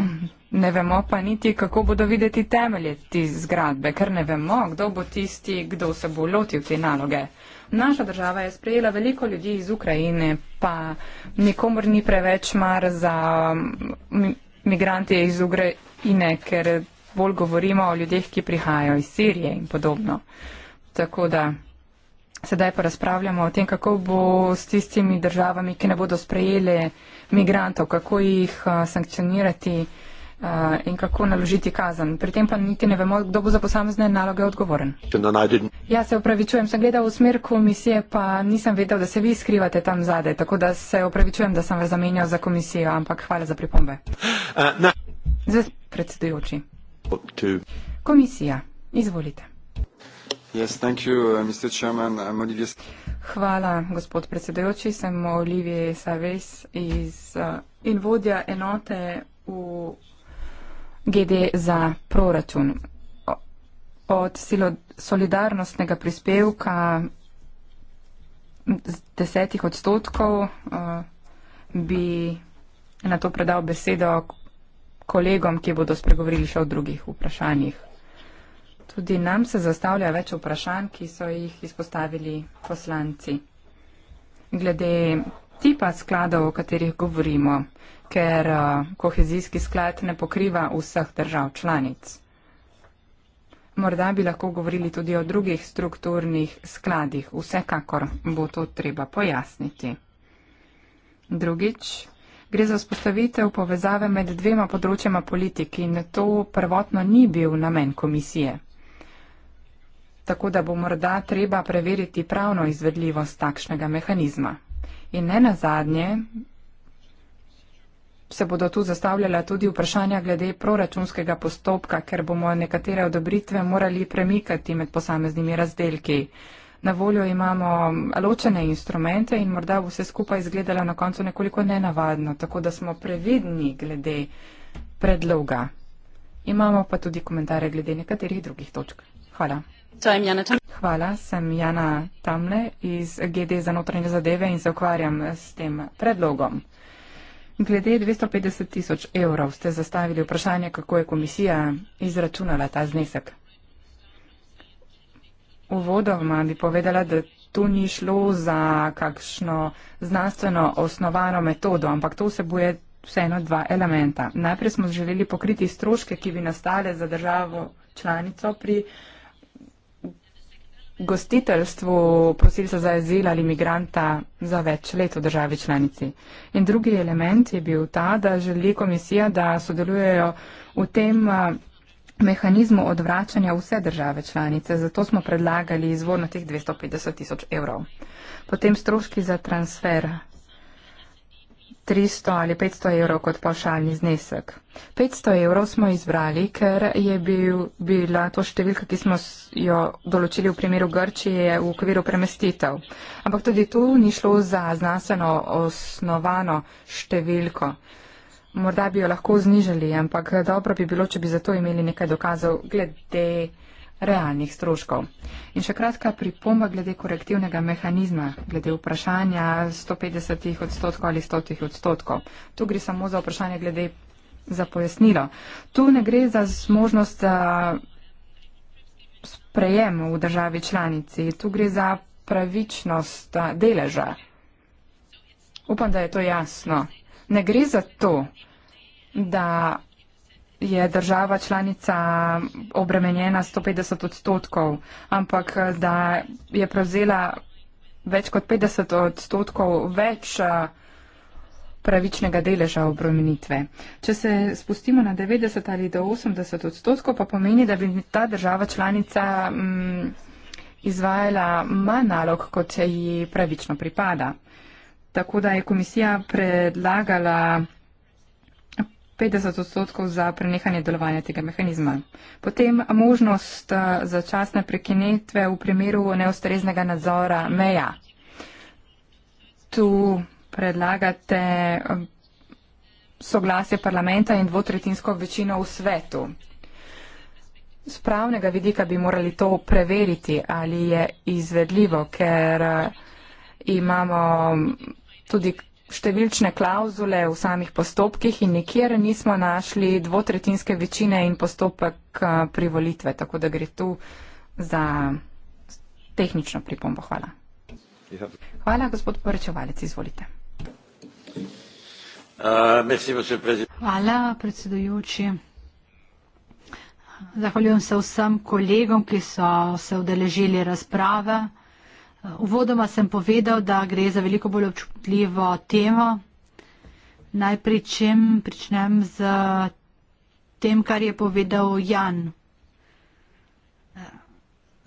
Ne vemo pa niti, kako bodo videti temelje te zgradbe, ker ne vemo, kdo bo tisti, kdo se bo lotil te naloge. Naša država je sprejela veliko ljudi iz Ukrajine, pa nikomor ni preveč mar za mm, migrante iz Ukrajine, ker bolj govorimo o ljudeh, ki prihajajo iz Sirije in podobno. Tako da sedaj pa razpravljamo o tem, kako bo s tistimi državami, ki ne bodo sprejeli migrantov, kako jih sankcionirati in kako naložiti kazen. Pri tem pa niti ne vemo, kdo bo za posamezne naloge odgovoren. Ja, se opravičujem, sem gledal v smer komisije, pa nisem vedel, da se vi skrivate tam zadaj, tako da se opravičujem, da sem vas zamenjal za komisijo, ampak hvala za pripombe. Uh, eh, Zdaj, predsedujoči. Komisija, izvolite. Yes, you, uh, Hvala, gospod predsedujoči. Sem Olivije Saves iz, uh, in vodja enote v GD za proračun. Od silo solidarnostnega prispevka desetih odstotkov uh, bi na to predal besedo kolegom, ki bodo spregovorili še o drugih vprašanjih. Tudi nam se zastavlja več vprašanj, ki so jih izpostavili poslanci. Glede tipa skladov, o katerih govorimo, ker eh, kohezijski sklad ne pokriva vseh držav članic. Morda bi lahko govorili tudi o drugih strukturnih skladih. Vsekakor bo to treba pojasniti. Drugič, Gre za spostavitev povezave med dvema področjama politik in to prvotno ni bil namen komisije. Tako da bo morda treba preveriti pravno izvedljivost takšnega mehanizma. In ne na zadnje se bodo tu zastavljala tudi vprašanja glede proračunskega postopka, ker bomo nekatere odobritve morali premikati med posameznimi razdelki. Na voljo imamo ločene instrumente in morda bo vse skupaj izgledalo na koncu nekoliko nenavadno, tako da smo previdni glede predloga. Imamo pa tudi komentarje glede nekaterih drugih točk. Hvala. Hvala, sem Jana Tamle iz GD za notranje zadeve in se ukvarjam s tem predlogom. Glede 250 tisoč evrov ste zastavili vprašanje, kako je komisija izračunala ta znesek uvodoma bi povedala, da tu ni šlo za kakšno znanstveno osnovano metodo, ampak to vsebuje vseeno dva elementa. Najprej smo želeli pokriti stroške, ki bi nastale za državo članico pri gostiteljstvu prosilca za azil ali migranta za več let v državi članici. In drugi element je bil ta, da želi komisija, da sodelujejo v tem mehanizmu odvračanja vse države članice, zato smo predlagali izvor na teh 250 tisoč evrov. Potem stroški za transfer 300 ali 500 evrov kot pavšalni znesek. 500 evrov smo izbrali, ker je bil, bila to številka, ki smo jo določili v primeru Grčije v okviru premestitev. Ampak tudi tu ni šlo za znanstveno osnovano številko morda bi jo lahko znižali, ampak dobro bi bilo, če bi zato imeli nekaj dokazov glede realnih stroškov. In še kratka pripomba glede korektivnega mehanizma, glede vprašanja 150 odstotkov ali 100 odstotkov. Tu gre samo za vprašanje glede za pojasnilo. Tu ne gre za možnost za sprejem v državi članici, tu gre za pravičnost deleža. Upam, da je to jasno ne gre za to, da je država članica obremenjena 150 odstotkov, ampak da je prevzela več kot 50 odstotkov več pravičnega deleža obremenitve. Če se spustimo na 90 ali do 80 odstotkov, pa pomeni, da bi ta država članica m, mm, izvajala manj nalog, kot se ji pravično pripada. Tako da je komisija predlagala 50 odstotkov za prenehanje delovanja tega mehanizma. Potem možnost eh, začasne prekinitve v primeru neustreznega nadzora meja. Tu predlagate eh, soglasje parlamenta in dvotretinsko večino v svetu. Z pravnega vidika bi morali to preveriti, ali je izvedljivo, ker eh, imamo tudi številčne klauzule v samih postopkih in nikjer nismo našli dvotretinske večine in postopek eh, privolitve, tako da gre tu za tehnično pripombo. Hvala. Hvala, gospod poročevalec, izvolite. Uh, Hvala, predsedujoči. Zahvaljujem se vsem kolegom, ki so se udeležili razprave. Uvodoma sem povedal, da gre za veliko bolj občutljivo temo. Najprej čem pričnem z tem, kar je povedal Jan.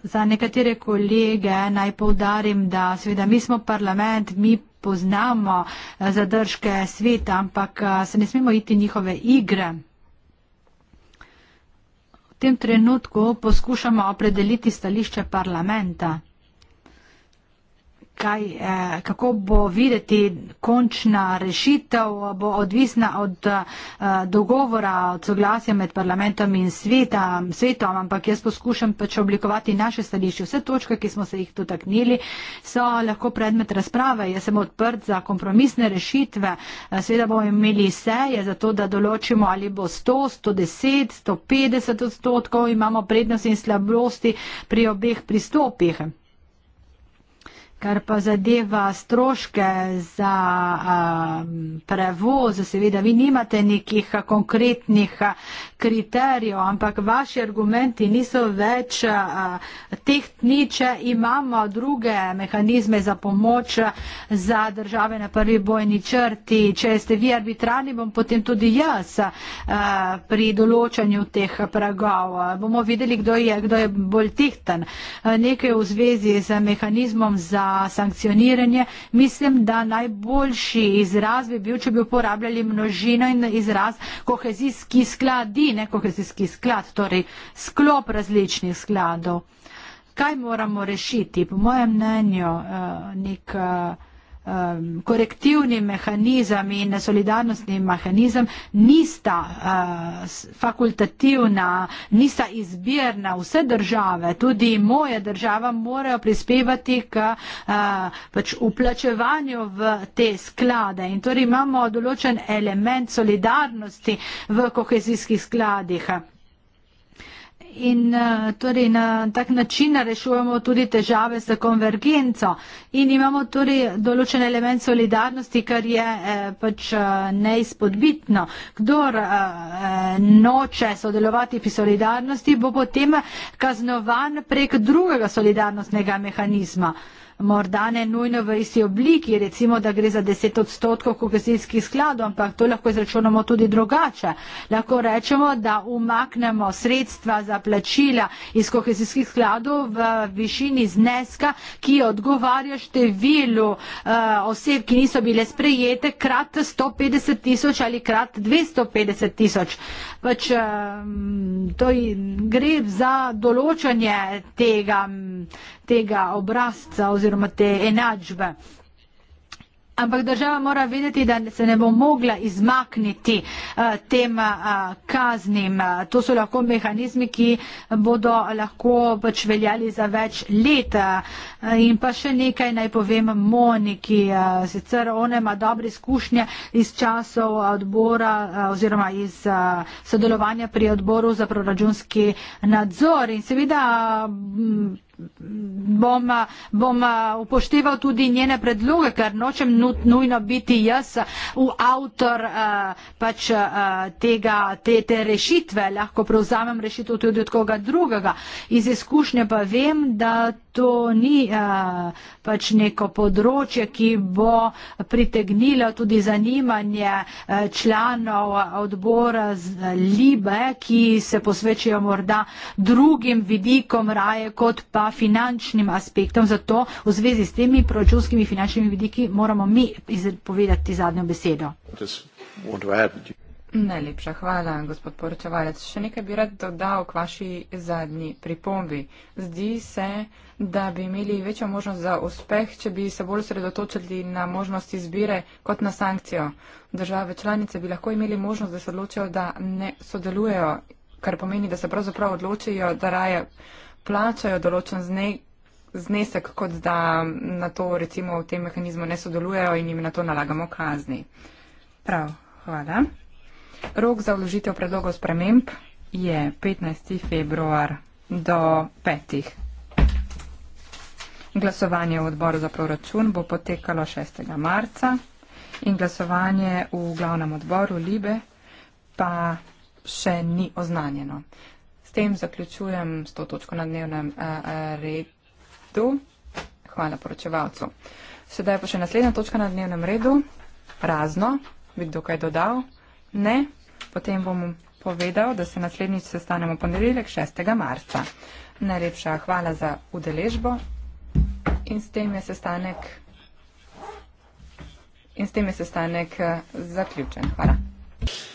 Za nekatere kolege naj povdarim, da seveda mi smo parlament, mi poznamo eh, zadržke sveta, ampak eh, se ne smemo iti njihove igre. V tem trenutku poskušamo opredeliti stališče parlamenta kaj, eh, kako bo videti končna rešitev, bo odvisna od eh, dogovora, od soglasja med parlamentom in sveta, svetom, ampak jaz poskušam pač oblikovati naše stališče. Vse točke, ki smo se jih dotaknili, so lahko predmet razprave. Jaz sem odprt za kompromisne rešitve. Eh, sveda bomo imeli seje za to, da določimo, ali bo 100, 110, 150 odstotkov, imamo prednosti in slabosti pri obeh pristopih. Kar pa zadeva stroške za um, prevoz, seveda vi nimate nekih konkretnih kriterijev, ampak vaši argumenti niso več uh, tehtni, če imamo druge mehanizme za pomoč za države na prvi bojni črti. Če ste vi arbitrani, bom potem tudi jaz uh, pri določanju teh pragov. Bomo videli, kdo je, kdo je bolj tehten. Uh, nekaj v zvezi z mehanizmom za sankcioniranje. Mislim, da najboljši izraz bi bil, če bi uporabljali množino in izraz kohezijski skladi, ne kohezijski sklad, torej sklop različnih skladov. Kaj moramo rešiti? Po mojem mnenju, eh, nek. Eh, um, korektivni mehanizem in solidarnostni mehanizem nista uh, fakultativna, nista izbirna. Vse države, tudi moja država, morajo prispevati k uh, pač uplačevanju v te sklade. In torej imamo določen element solidarnosti v kohezijskih skladih in eh, torej na tak način rešujemo tudi težave s konvergenco in imamo torej določen element solidarnosti, kar je eh, pač eh, neizpodbitno. Kdor noče sodelovati pri solidarnosti, bo potem kaznovan prek drugega solidarnostnega mehanizma morda ne nujno v isti obliki, recimo, da gre za 10 odstotkov kohezijskih skladov, ampak to lahko izračunamo tudi drugače. Lahko rečemo, da umaknemo sredstva za plačila iz kohezijskih skladov v višini zneska, ki odgovarja številu uh, oseb, ki niso bile sprejete, krat 150 tisoč ali krat 250 tisoč. Pač um, to gre za določanje tega tega obrazca oziroma te enačbe. Ampak država mora vedeti, da se ne bo mogla izmakniti uh, tem uh, kaznim. To so lahko mehanizmi, ki bodo lahko pač veljali za več let. Eh, in pa še nekaj naj povem Moniki. Uh, sicer ona ima dobre izkušnje iz časov odbora uh, oziroma iz uh, sodelovanja pri odboru za proračunski nadzor. In seveda. Uh, bom, bom upošteval tudi njene predloge, ker nočem nujno biti jaz avtor pač tega, te, te rešitve, lahko prevzamem rešitev tudi od koga drugega. Iz izkušnje pa vem, da to ni pač neko področje, ki bo pritegnilo tudi zanimanje članov odbora z Libe, ki se posvečajo morda drugim vidikom raje kot pa finančnim aspektom. Zato v zvezi s temi proračunskimi finančnimi vidiki moramo mi izpovedati zadnjo besedo. Najlepša hvala, gospod poročevalec. Še nekaj bi rad dodal k vaši zadnji pripombi. Zdi se, da bi imeli večjo možnost za uspeh, če bi se bolj sredotočili na možnost izbire kot na sankcijo. Države članice bi lahko imeli možnost, da se odločijo, da ne sodelujejo, kar pomeni, da se pravzaprav odločijo, da raje plačajo določen zne, znesek, kot da na to recimo v tem mehanizmu ne sodelujejo in jim na to nalagamo kazni. Prav, hvala. Rok za vložitev predlogov sprememb je 15. februar do 5. Glasovanje v odboru za proračun bo potekalo 6. marca in glasovanje v glavnem odboru Libe pa še ni oznanjeno tem zaključujem s to točko na dnevnem uh, redu. Hvala poročevalcu. Sedaj pa še naslednja točka na dnevnem redu. Razno, bi kdo kaj dodal? Ne. Potem bom povedal, da se naslednjič sestanemo ponedeljek 6. marca. Najlepša hvala za udeležbo in s tem je sestanek, in s tem je sestanek eh, zaključen. Hvala.